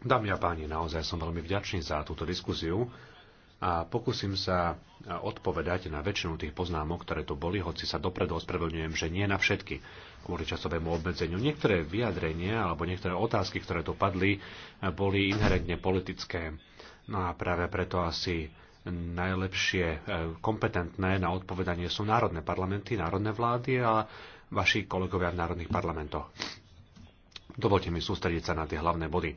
Dámy a páni, naozaj som veľmi vďačný za túto diskusiu a pokúsim sa odpovedať na väčšinu tých poznámok, ktoré tu boli, hoci sa dopredu ospravedlňujem, že nie na všetky kvôli časovému obmedzeniu. Niektoré vyjadrenia alebo niektoré otázky, ktoré tu padli, boli inherentne politické. No a práve preto asi najlepšie e, kompetentné na odpovedanie sú národné parlamenty, národné vlády a vaši kolegovia v národných parlamentoch. Dovolte mi sústrediť sa na tie hlavné body.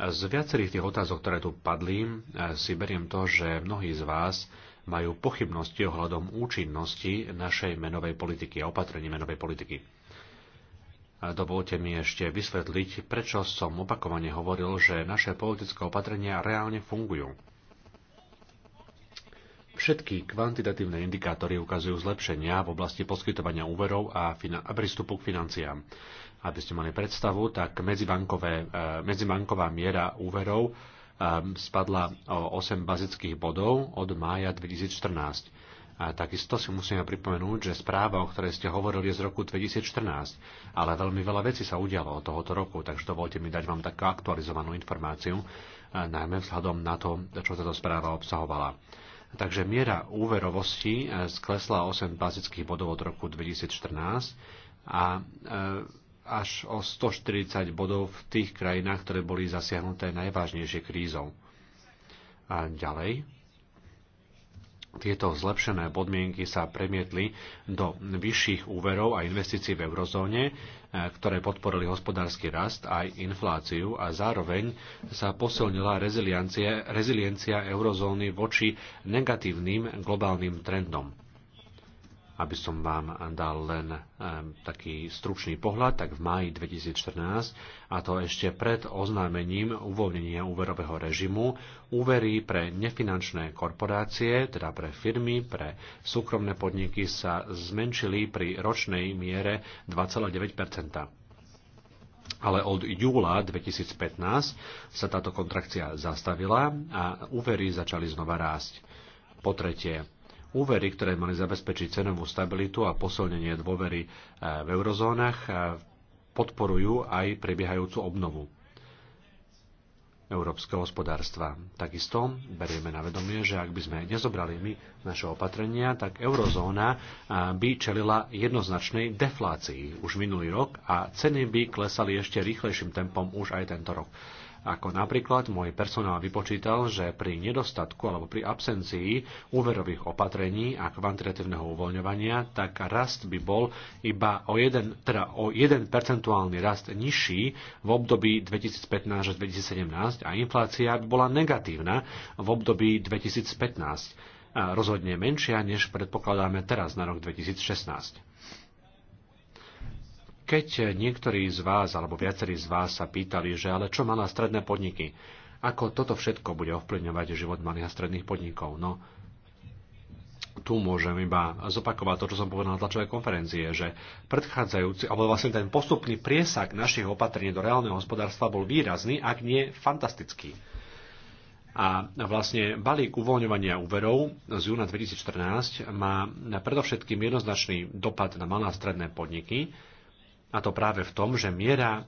Z viacerých tých otázok, ktoré tu padli, e, si beriem to, že mnohí z vás majú pochybnosti ohľadom účinnosti našej menovej politiky a opatrení menovej politiky. E, dovolte mi ešte vysvetliť, prečo som opakovane hovoril, že naše politické opatrenia reálne fungujú. Všetky kvantitatívne indikátory ukazujú zlepšenia v oblasti poskytovania úverov a, a prístupu k financiám. Aby ste mali predstavu, tak e, medzibanková miera úverov e, spadla o 8 bazických bodov od mája 2014. A takisto si musíme pripomenúť, že správa, o ktorej ste hovorili, je z roku 2014, ale veľmi veľa vecí sa udialo od tohoto roku, takže dovolte mi dať vám takú aktualizovanú informáciu, e, najmä vzhľadom na to, čo táto správa obsahovala. Takže miera úverovosti sklesla 8 bazických bodov od roku 2014 a až o 140 bodov v tých krajinách, ktoré boli zasiahnuté najvážnejšie krízou. A ďalej, tieto zlepšené podmienky sa premietli do vyšších úverov a investícií v eurozóne, eh, ktoré podporili hospodársky rast aj infláciu a zároveň sa posilnila reziliencia eurozóny voči negatívnym globálnym trendom aby som vám dal len eh, taký stručný pohľad, tak v máji 2014, a to ešte pred oznámením uvoľnenia úverového režimu, úvery pre nefinančné korporácie, teda pre firmy, pre súkromné podniky sa zmenšili pri ročnej miere 2,9 ale od júla 2015 sa táto kontrakcia zastavila a úvery začali znova rásť. Po tretie, Úvery, ktoré mali zabezpečiť cenovú stabilitu a posilnenie dôvery e, v eurozónach, e, podporujú aj prebiehajúcu obnovu európskeho hospodárstva. Takisto berieme na vedomie, že ak by sme nezobrali my naše opatrenia, tak eurozóna e, by čelila jednoznačnej deflácii už minulý rok a ceny by klesali ešte rýchlejším tempom už aj tento rok. Ako napríklad môj personál vypočítal, že pri nedostatku alebo pri absencii úverových opatrení a kvantitatívneho uvoľňovania, tak rast by bol iba o jeden teda o jeden percentuálny rast nižší v období 2015 až 2017 a inflácia by bola negatívna v období 2015 a rozhodne menšia, než predpokladáme teraz na rok 2016. Keď niektorí z vás, alebo viacerí z vás sa pýtali, že ale čo malé a stredné podniky, ako toto všetko bude ovplyvňovať život malých a stredných podnikov, no tu môžem iba zopakovať to, čo som povedal na tlačovej konferencie, že predchádzajúci, alebo vlastne ten postupný priesak našich opatrení do reálneho hospodárstva bol výrazný, ak nie fantastický. A vlastne balík uvoľňovania úverov z júna 2014 má predovšetkým jednoznačný dopad na malé a stredné podniky, a to práve v tom, že miera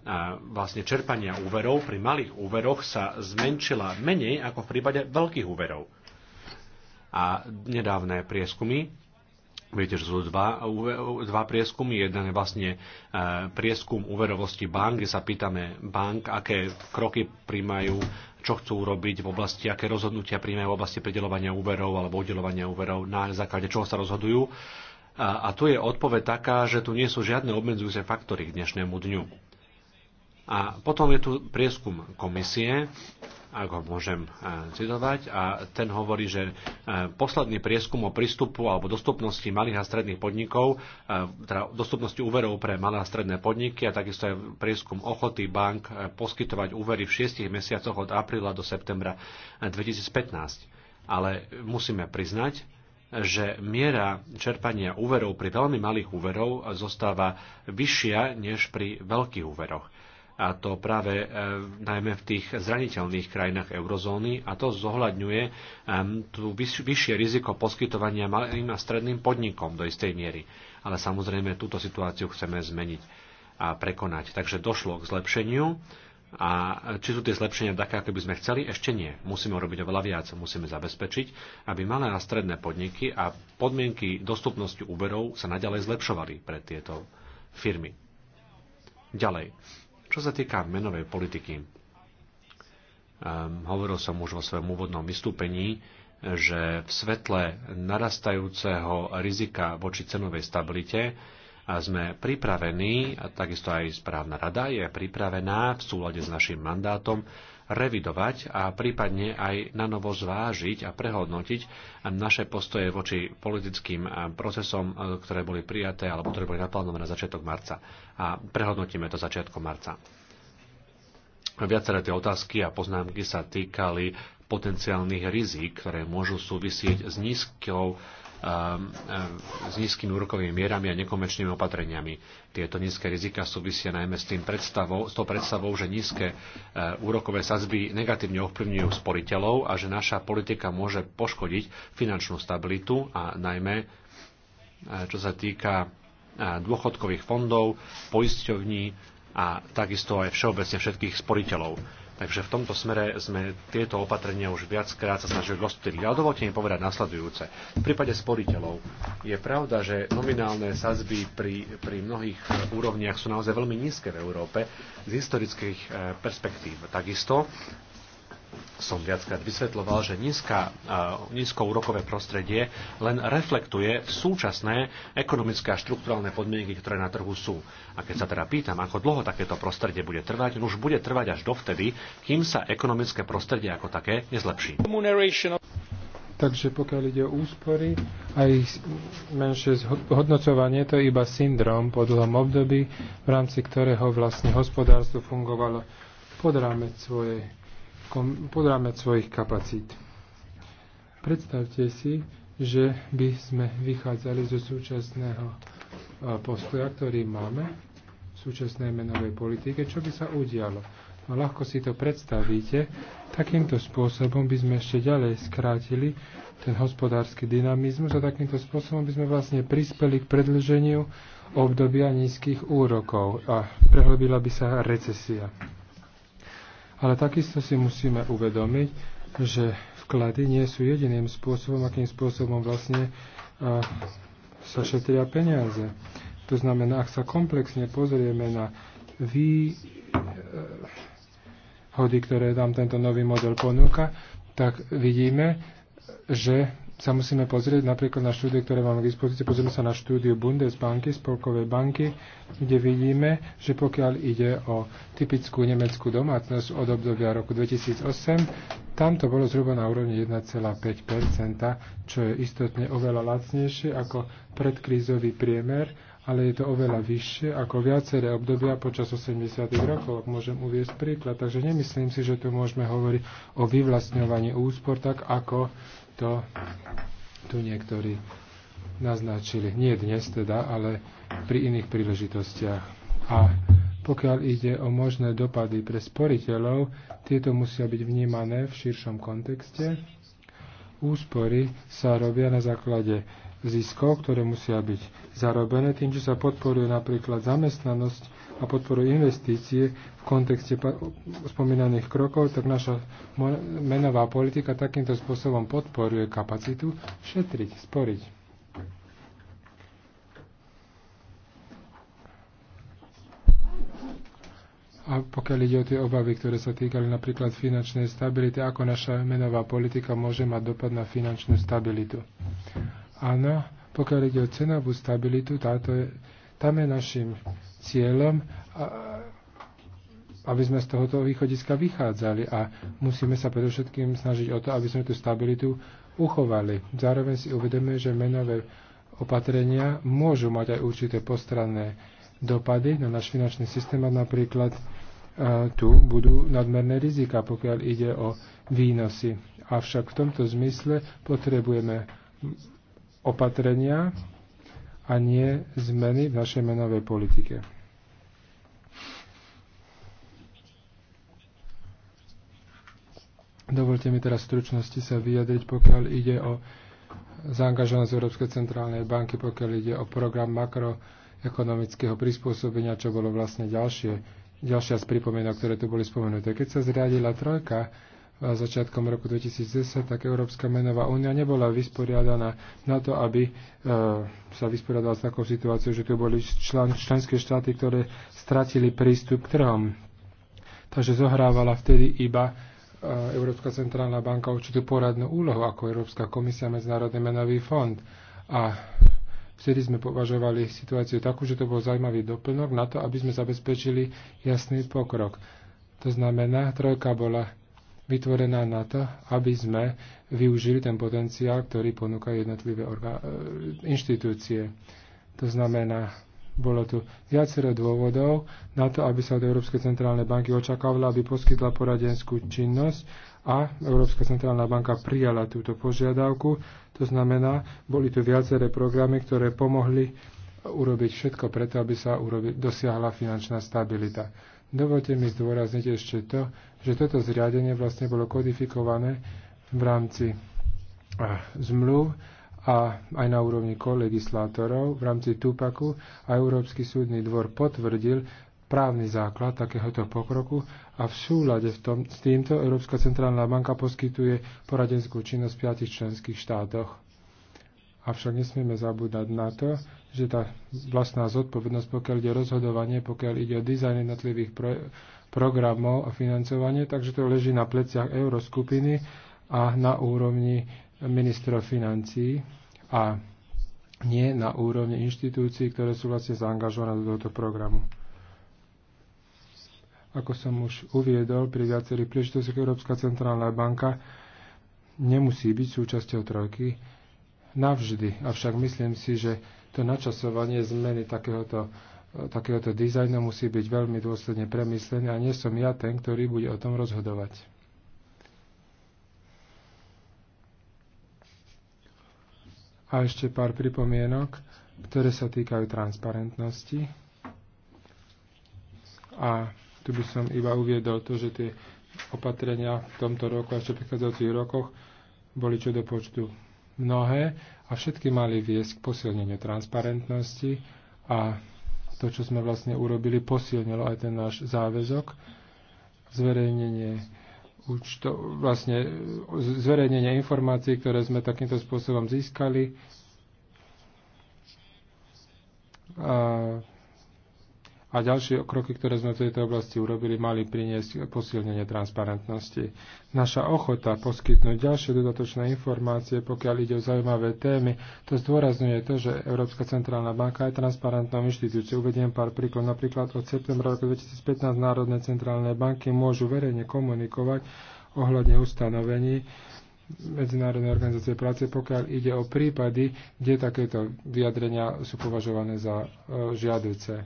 vlastne čerpania úverov pri malých úveroch sa zmenšila menej ako v prípade veľkých úverov. A nedávne prieskumy Viete, že sú dva, dva prieskumy. Jeden je vlastne e, prieskum úverovosti bank, kde sa pýtame bank, aké kroky príjmajú, čo chcú robiť v oblasti, aké rozhodnutia príjmajú v oblasti pridelovania úverov alebo udelovania úverov, na základe čoho sa rozhodujú. A, a tu je odpoveď taká, že tu nie sú žiadne obmedzujúce faktory k dnešnému dňu. A potom je tu prieskum komisie, ak ho môžem e, citovať, a ten hovorí, že e, posledný prieskum o prístupu alebo dostupnosti malých a stredných podnikov, e, teda dostupnosti úverov pre malé a stredné podniky a takisto aj prieskum ochoty bank poskytovať úvery v šiestich mesiacoch od apríla do septembra 2015. Ale musíme priznať, že miera čerpania úverov pri veľmi malých úverov zostáva vyššia než pri veľkých úveroch. A to práve e, najmä v tých zraniteľných krajinách eurozóny a to zohľadňuje e, tú vyš, vyššie riziko poskytovania malým a stredným podnikom do istej miery. Ale samozrejme túto situáciu chceme zmeniť a prekonať. Takže došlo k zlepšeniu a či sú tie zlepšenia také, ako by sme chceli? Ešte nie. Musíme robiť oveľa viac. Musíme zabezpečiť, aby malé a stredné podniky a podmienky dostupnosti úverov sa naďalej zlepšovali pre tieto firmy. Ďalej. Čo sa týka menovej politiky, um, hovoril som už vo svojom úvodnom vystúpení, že v svetle narastajúceho rizika voči cenovej stabilite a sme pripravení, a takisto aj správna rada je pripravená v súlade s našim mandátom revidovať a prípadne aj na novo zvážiť a prehodnotiť naše postoje voči politickým eh, procesom, eh, ktoré boli prijaté alebo ktoré boli naplánované na začiatok marca. A prehodnotíme to začiatkom marca. Viaceré tie otázky a poznámky sa týkali potenciálnych rizík, ktoré môžu súvisieť s nízkou um, um, s nízkymi úrokovými mierami a nekomerčnými opatreniami. Tieto nízke rizika súvisia najmä s, tým predstavou, s tou predstavou, že nízke uh, úrokové sazby negatívne ovplyvňujú sporiteľov a že naša politika môže poškodiť finančnú stabilitu a najmä uh, čo sa týka uh, dôchodkových fondov, poisťovní a takisto aj všeobecne všetkých sporiteľov. Takže v tomto smere sme tieto opatrenia už viackrát sa snažili rozptýliť. Ale dovolte mi povedať nasledujúce. V prípade sporiteľov je pravda, že nominálne sazby pri, pri mnohých úrovniach sú naozaj veľmi nízke v Európe z historických eh, perspektív. Takisto som viackrát vysvetloval, že nízka, nízkoúrokové prostredie len reflektuje súčasné ekonomické a štruktúralne podmienky, ktoré na trhu sú. A keď sa teda pýtam, ako dlho takéto prostredie bude trvať, no už bude trvať až dovtedy, kým sa ekonomické prostredie ako také nezlepší. Takže pokiaľ ide o úspory, ich menšie hodnocovanie, to je iba syndrom po dlhom období, v rámci ktorého vlastne hospodárstvo fungovalo pod rámec svojej pod rámec svojich kapacít. Predstavte si, že by sme vychádzali zo súčasného e, postoja, ktorý máme v súčasnej menovej politike, čo by sa udialo. No ľahko si to predstavíte, takýmto spôsobom by sme ešte ďalej skrátili ten hospodársky dynamizmus a takýmto spôsobom by sme vlastne prispeli k predlženiu obdobia nízkych úrokov a prehlbila by sa recesia. Ale takisto si musíme uvedomiť, že vklady nie sú jediným spôsobom, akým spôsobom vlastne a, sa šetria peniaze. To znamená, ak sa komplexne pozrieme na výhody, e, ktoré nám tento nový model ponúka, tak vidíme, že sa musíme pozrieť napríklad na štúdie, ktoré máme k dispozícii. Pozrieme sa na štúdiu Bundesbanky, Spolkovej banky, kde vidíme, že pokiaľ ide o typickú nemeckú domácnosť od obdobia roku 2008, tam to bolo zhruba na úrovni 1,5%, čo je istotne oveľa lacnejšie ako predkrízový priemer, ale je to oveľa vyššie ako viaceré obdobia počas 80. rokov, ak môžem uviesť príklad. Takže nemyslím si, že tu môžeme hovoriť o vyvlastňovaní úspor, tak ako to tu niektorí naznačili. Nie dnes teda, ale pri iných príležitostiach. A pokiaľ ide o možné dopady pre sporiteľov, tieto musia byť vnímané v širšom kontexte. Úspory sa robia na základe ziskov, ktoré musia byť zarobené tým, že sa podporuje napríklad zamestnanosť a podporu investície v kontekste spomínaných krokov, tak naša menová politika takýmto spôsobom podporuje kapacitu šetriť, sporiť. A pokiaľ ide o tie obavy, ktoré sa týkali napríklad finančnej stability, ako naša menová politika môže mať dopad na finančnú stabilitu. Áno, pokiaľ ide o cenovú stabilitu, táto je, tam je našim cieľom, aby sme z tohoto východiska vychádzali a musíme sa predovšetkým snažiť o to, aby sme tú stabilitu uchovali. Zároveň si uvedomujeme, že menové opatrenia môžu mať aj určité postranné dopady na náš finančný systém a napríklad tu budú nadmerné rizika, pokiaľ ide o výnosy. Avšak v tomto zmysle potrebujeme opatrenia, a nie zmeny v našej menovej politike. Dovolte mi teraz v stručnosti sa vyjadriť, pokiaľ ide o zaangažovanosť Európskej centrálnej banky, pokiaľ ide o program makroekonomického prispôsobenia, čo bolo vlastne ďalšie, ďalšia z pripomienok, ktoré tu boli spomenuté. Keď sa zriadila trojka, začiatkom roku 2010, tak Európska menová únia nebola vysporiadaná na to, aby e, sa vysporiadala s takou situáciou, že tu boli člen, členské štáty, ktoré stratili prístup k trhom. Takže zohrávala vtedy iba e, Európska centrálna banka určitú poradnú úlohu ako Európska komisia Medzinárodný menový fond. A vtedy sme považovali situáciu takú, že to bol zaujímavý doplnok na to, aby sme zabezpečili jasný pokrok. To znamená, trojka bola vytvorená na to, aby sme využili ten potenciál, ktorý ponúkajú jednotlivé e, inštitúcie. To znamená, bolo tu viacero dôvodov na to, aby sa od Európskej centrálnej banky očakávala, aby poskytla poradenskú činnosť a Európska centrálna banka prijala túto požiadavku. To znamená, boli tu viaceré programy, ktoré pomohli urobiť všetko preto, aby sa urobi, dosiahla finančná stabilita. Dovolte mi zdôrazniť ešte to, že toto zriadenie vlastne bolo kodifikované v rámci zmluv a aj na úrovni kolegislátorov v rámci TUPAKu a Európsky súdny dvor potvrdil právny základ takéhoto pokroku a v súlade v tom, s týmto Európska centrálna banka poskytuje poradenskú činnosť v piatich členských štátoch. Avšak nesmieme zabúdať na to, že tá vlastná zodpovednosť, pokiaľ ide o rozhodovanie, pokiaľ ide o dizajn jednotlivých pro- programov a financovanie, takže to leží na pleciach euroskupiny a na úrovni ministra financí a nie na úrovni inštitúcií, ktoré sú vlastne zaangažované do tohto programu. Ako som už uviedol pri viacerých príležitostiach, Európska centrálna banka nemusí byť súčasťou trojky, navždy. Avšak myslím si, že to načasovanie zmeny takéhoto, takéhoto dizajnu musí byť veľmi dôsledne premyslené a nie som ja ten, ktorý bude o tom rozhodovať. A ešte pár pripomienok, ktoré sa týkajú transparentnosti. A tu by som iba uviedol to, že tie opatrenia v tomto roku a ešte v predchádzajúcich rokoch boli čo do počtu mnohé a všetky mali viesť k posilneniu transparentnosti a to, čo sme vlastne urobili, posilnilo aj ten náš záväzok, zverejnenie účto, vlastne zverejnenie informácií, ktoré sme takýmto spôsobom získali. A a ďalšie kroky, ktoré sme v tejto oblasti urobili, mali priniesť posilnenie transparentnosti. Naša ochota poskytnúť ďalšie dodatočné informácie, pokiaľ ide o zaujímavé témy, to zdôrazňuje to, že Európska centrálna banka je transparentnou inštitúciou. Uvediem pár príklad. Napríklad od septembra roku 2015 Národné centrálne banky môžu verejne komunikovať ohľadne ustanovení, Medzinárodnej organizácie práce, pokiaľ ide o prípady, kde takéto vyjadrenia sú považované za e, žiaduce.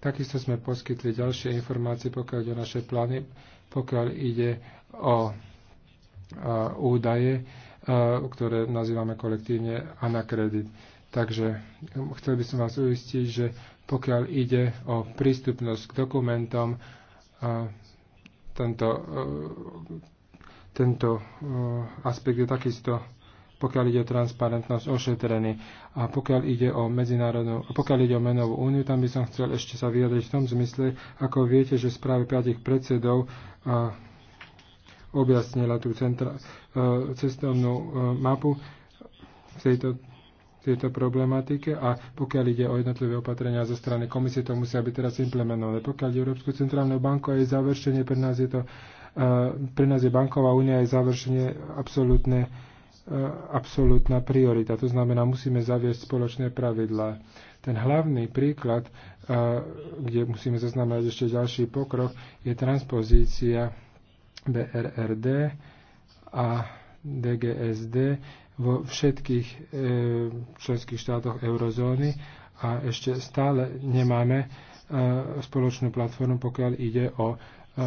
Takisto sme poskytli ďalšie informácie, pokiaľ ide o naše plány, pokiaľ ide o údaje, ktoré nazývame kolektívne anakredit. Takže chcel by som vás uistiť, že pokiaľ ide o prístupnosť k dokumentom, tento, e, tento e, aspekt je takisto pokiaľ ide o transparentnosť ošetrení a pokiaľ ide o medzinárodnú, a pokiaľ ide o menovú úniu, tam by som chcel ešte sa vyjadriť v tom zmysle, ako viete, že správy piatich predsedov a, objasnila tú centra, cestovnú mapu v tejto, tejto problematike a pokiaľ ide o jednotlivé opatrenia zo strany komisie, to musia byť teraz implementované. Pokiaľ ide Európsku centrálnu banku a jej završenie, pre nás je to pre nás je banková únia aj završenie absolútne absolútna priorita. To znamená, musíme zaviesť spoločné pravidlá. Ten hlavný príklad, kde musíme zaznamenať ešte ďalší pokrok, je transpozícia BRRD a DGSD vo všetkých e, členských štátoch eurozóny a ešte stále nemáme e, spoločnú platformu, pokiaľ ide o E,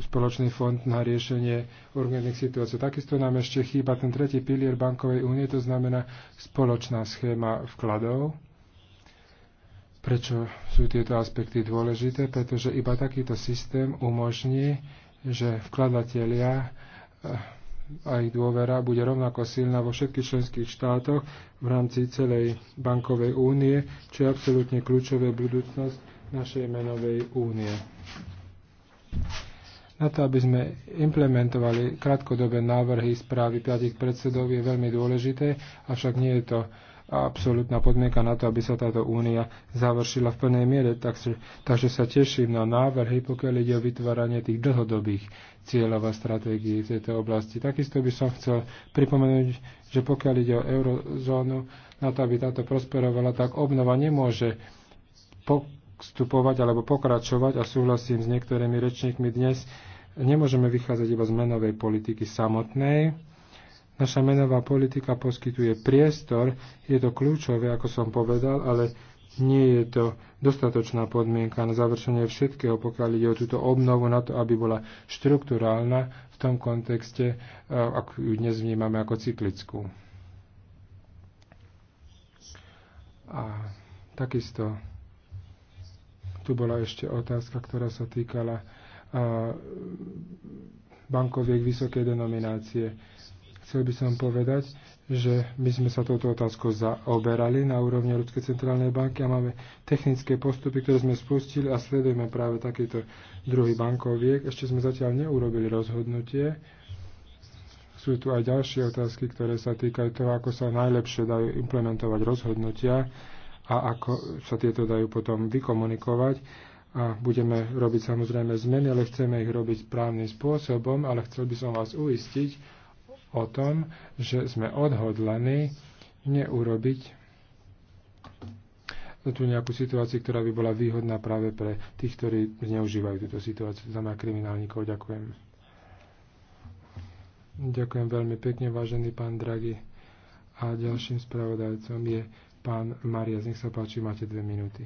spoločný fond na riešenie urgentných situácií. Takisto nám ešte chýba ten tretí pilier bankovej únie, to znamená spoločná schéma vkladov. Prečo sú tieto aspekty dôležité? Pretože iba takýto systém umožní, že vkladatelia e, a ich dôvera bude rovnako silná vo všetkých členských štátoch v rámci celej bankovej únie, čo je absolútne kľúčové budúcnosť našej menovej únie. Na to, aby sme implementovali krátkodobé návrhy správy piatich predsedov, je veľmi dôležité, avšak nie je to absolútna podmienka na to, aby sa táto únia završila v plnej miere. Takže, takže sa teším na návrhy, pokiaľ ide o vytváranie tých dlhodobých cieľov a stratégií v tejto oblasti. Takisto by som chcel pripomenúť, že pokiaľ ide o eurozónu, na to, aby táto prosperovala, tak obnova nemôže po vstupovať alebo pokračovať a súhlasím s niektorými rečníkmi dnes, nemôžeme vychádzať iba z menovej politiky samotnej. Naša menová politika poskytuje priestor, je to kľúčové, ako som povedal, ale nie je to dostatočná podmienka na završenie všetkého, pokiaľ ide o túto obnovu na to, aby bola štruktúrálna v tom kontexte, e, ako ju dnes vnímame ako cyklickú. A takisto tu bola ešte otázka, ktorá sa týkala bankoviek vysokej denominácie. Chcel by som povedať, že my sme sa touto otázkou zaoberali na úrovni Európskej centrálnej banky a máme technické postupy, ktoré sme spustili a sledujeme práve takýto druhý bankoviek. Ešte sme zatiaľ neurobili rozhodnutie. Sú tu aj ďalšie otázky, ktoré sa týkajú toho, ako sa najlepšie dajú implementovať rozhodnutia a ako sa tieto dajú potom vykomunikovať. A budeme robiť samozrejme zmeny, ale chceme ich robiť správnym spôsobom, ale chcel by som vás uistiť o tom, že sme odhodlení neurobiť tu nejakú situáciu, ktorá by bola výhodná práve pre tých, ktorí zneužívajú túto situáciu. Znamená kriminálnikov. Ďakujem. Ďakujem veľmi pekne, vážený pán Draghi. A ďalším spravodajcom je Pán Maria, nech sa páči, máte dve minúty.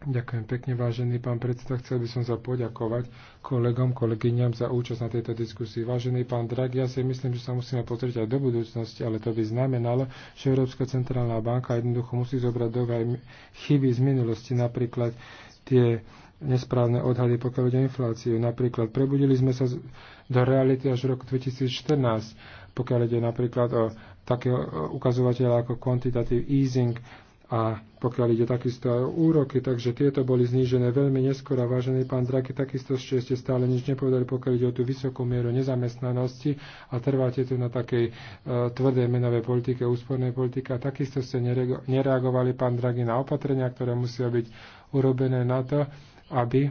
Ďakujem pekne, vážený pán predseda. Chcel by som sa poďakovať kolegom, kolegyňam za účasť na tejto diskusii. Vážený pán Drag, ja si myslím, že sa musíme pozrieť aj do budúcnosti, ale to by znamenalo, že Európska centrálna banka jednoducho musí zobrať do chyby z minulosti, napríklad tie nesprávne odhady, pokiaľ ide o infláciu. Napríklad prebudili sme sa do reality až v roku 2014 pokiaľ ide napríklad o takého ukazovateľa ako quantitative easing a pokiaľ ide takisto aj o úroky, takže tieto boli znížené veľmi neskoro. Vážený pán Draky, takisto ešte ste stále nič nepovedali, pokiaľ ide o tú vysokú mieru nezamestnanosti a trváte tu na takej e, tvrdej menovej politike, úspornej politike a takisto ste nereagovali, pán Draky, na opatrenia, ktoré musia byť urobené na to, aby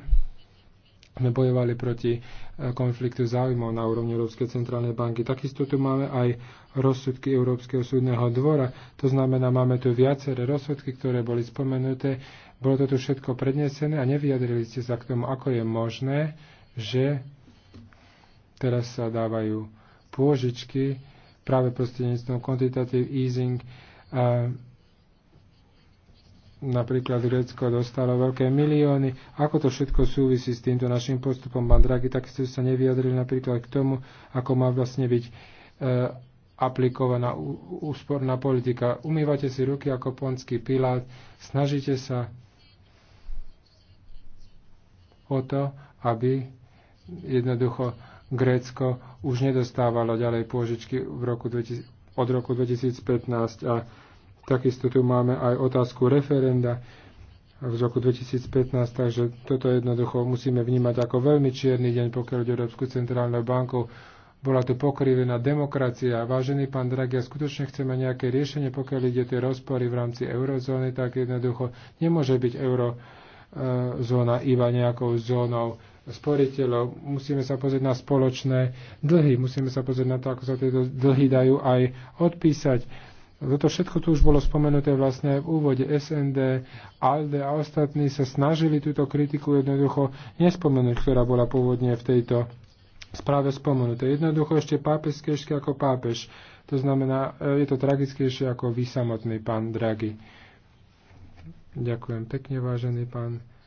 sme bojovali proti e, konfliktu záujmov na úrovni Európskej centrálnej banky. Takisto tu máme aj rozsudky Európskeho súdneho dvora. To znamená, máme tu viaceré rozsudky, ktoré boli spomenuté. Bolo to tu všetko prednesené a nevyjadrili ste sa k tomu, ako je možné, že teraz sa dávajú pôžičky práve prostredníctvom quantitative easing a napríklad Grécko dostalo veľké milióny. Ako to všetko súvisí s týmto našim postupom? Pán Draghi, tak ste sa nevyjadrili napríklad k tomu, ako má vlastne byť e, aplikovaná úsporná politika. Umývate si ruky ako ponský pilát, snažíte sa o to, aby jednoducho Grécko už nedostávalo ďalej pôžičky v roku 2000, od roku 2015 a Takisto tu máme aj otázku referenda v roku 2015, takže toto jednoducho musíme vnímať ako veľmi čierny deň, pokiaľ ide Európsku centrálnu banku. Bola tu pokrivená demokracia. Vážený pán Draghi, ja skutočne chceme nejaké riešenie, pokiaľ ide tie rozpory v rámci eurozóny, tak jednoducho nemôže byť eurozóna e, iba nejakou zónou sporiteľov. Musíme sa pozrieť na spoločné dlhy, musíme sa pozrieť na to, ako sa tieto dlhy dajú aj odpísať toto všetko tu už bolo spomenuté vlastne aj v úvode SND, ALDE a ostatní sa snažili túto kritiku jednoducho nespomenúť, ktorá bola pôvodne v tejto správe spomenuté. Jednoducho ešte pápežskejšie ako pápež. To znamená, e, je to tragickejšie ako vy samotný pán Draghi. Ďakujem pekne, vážený pán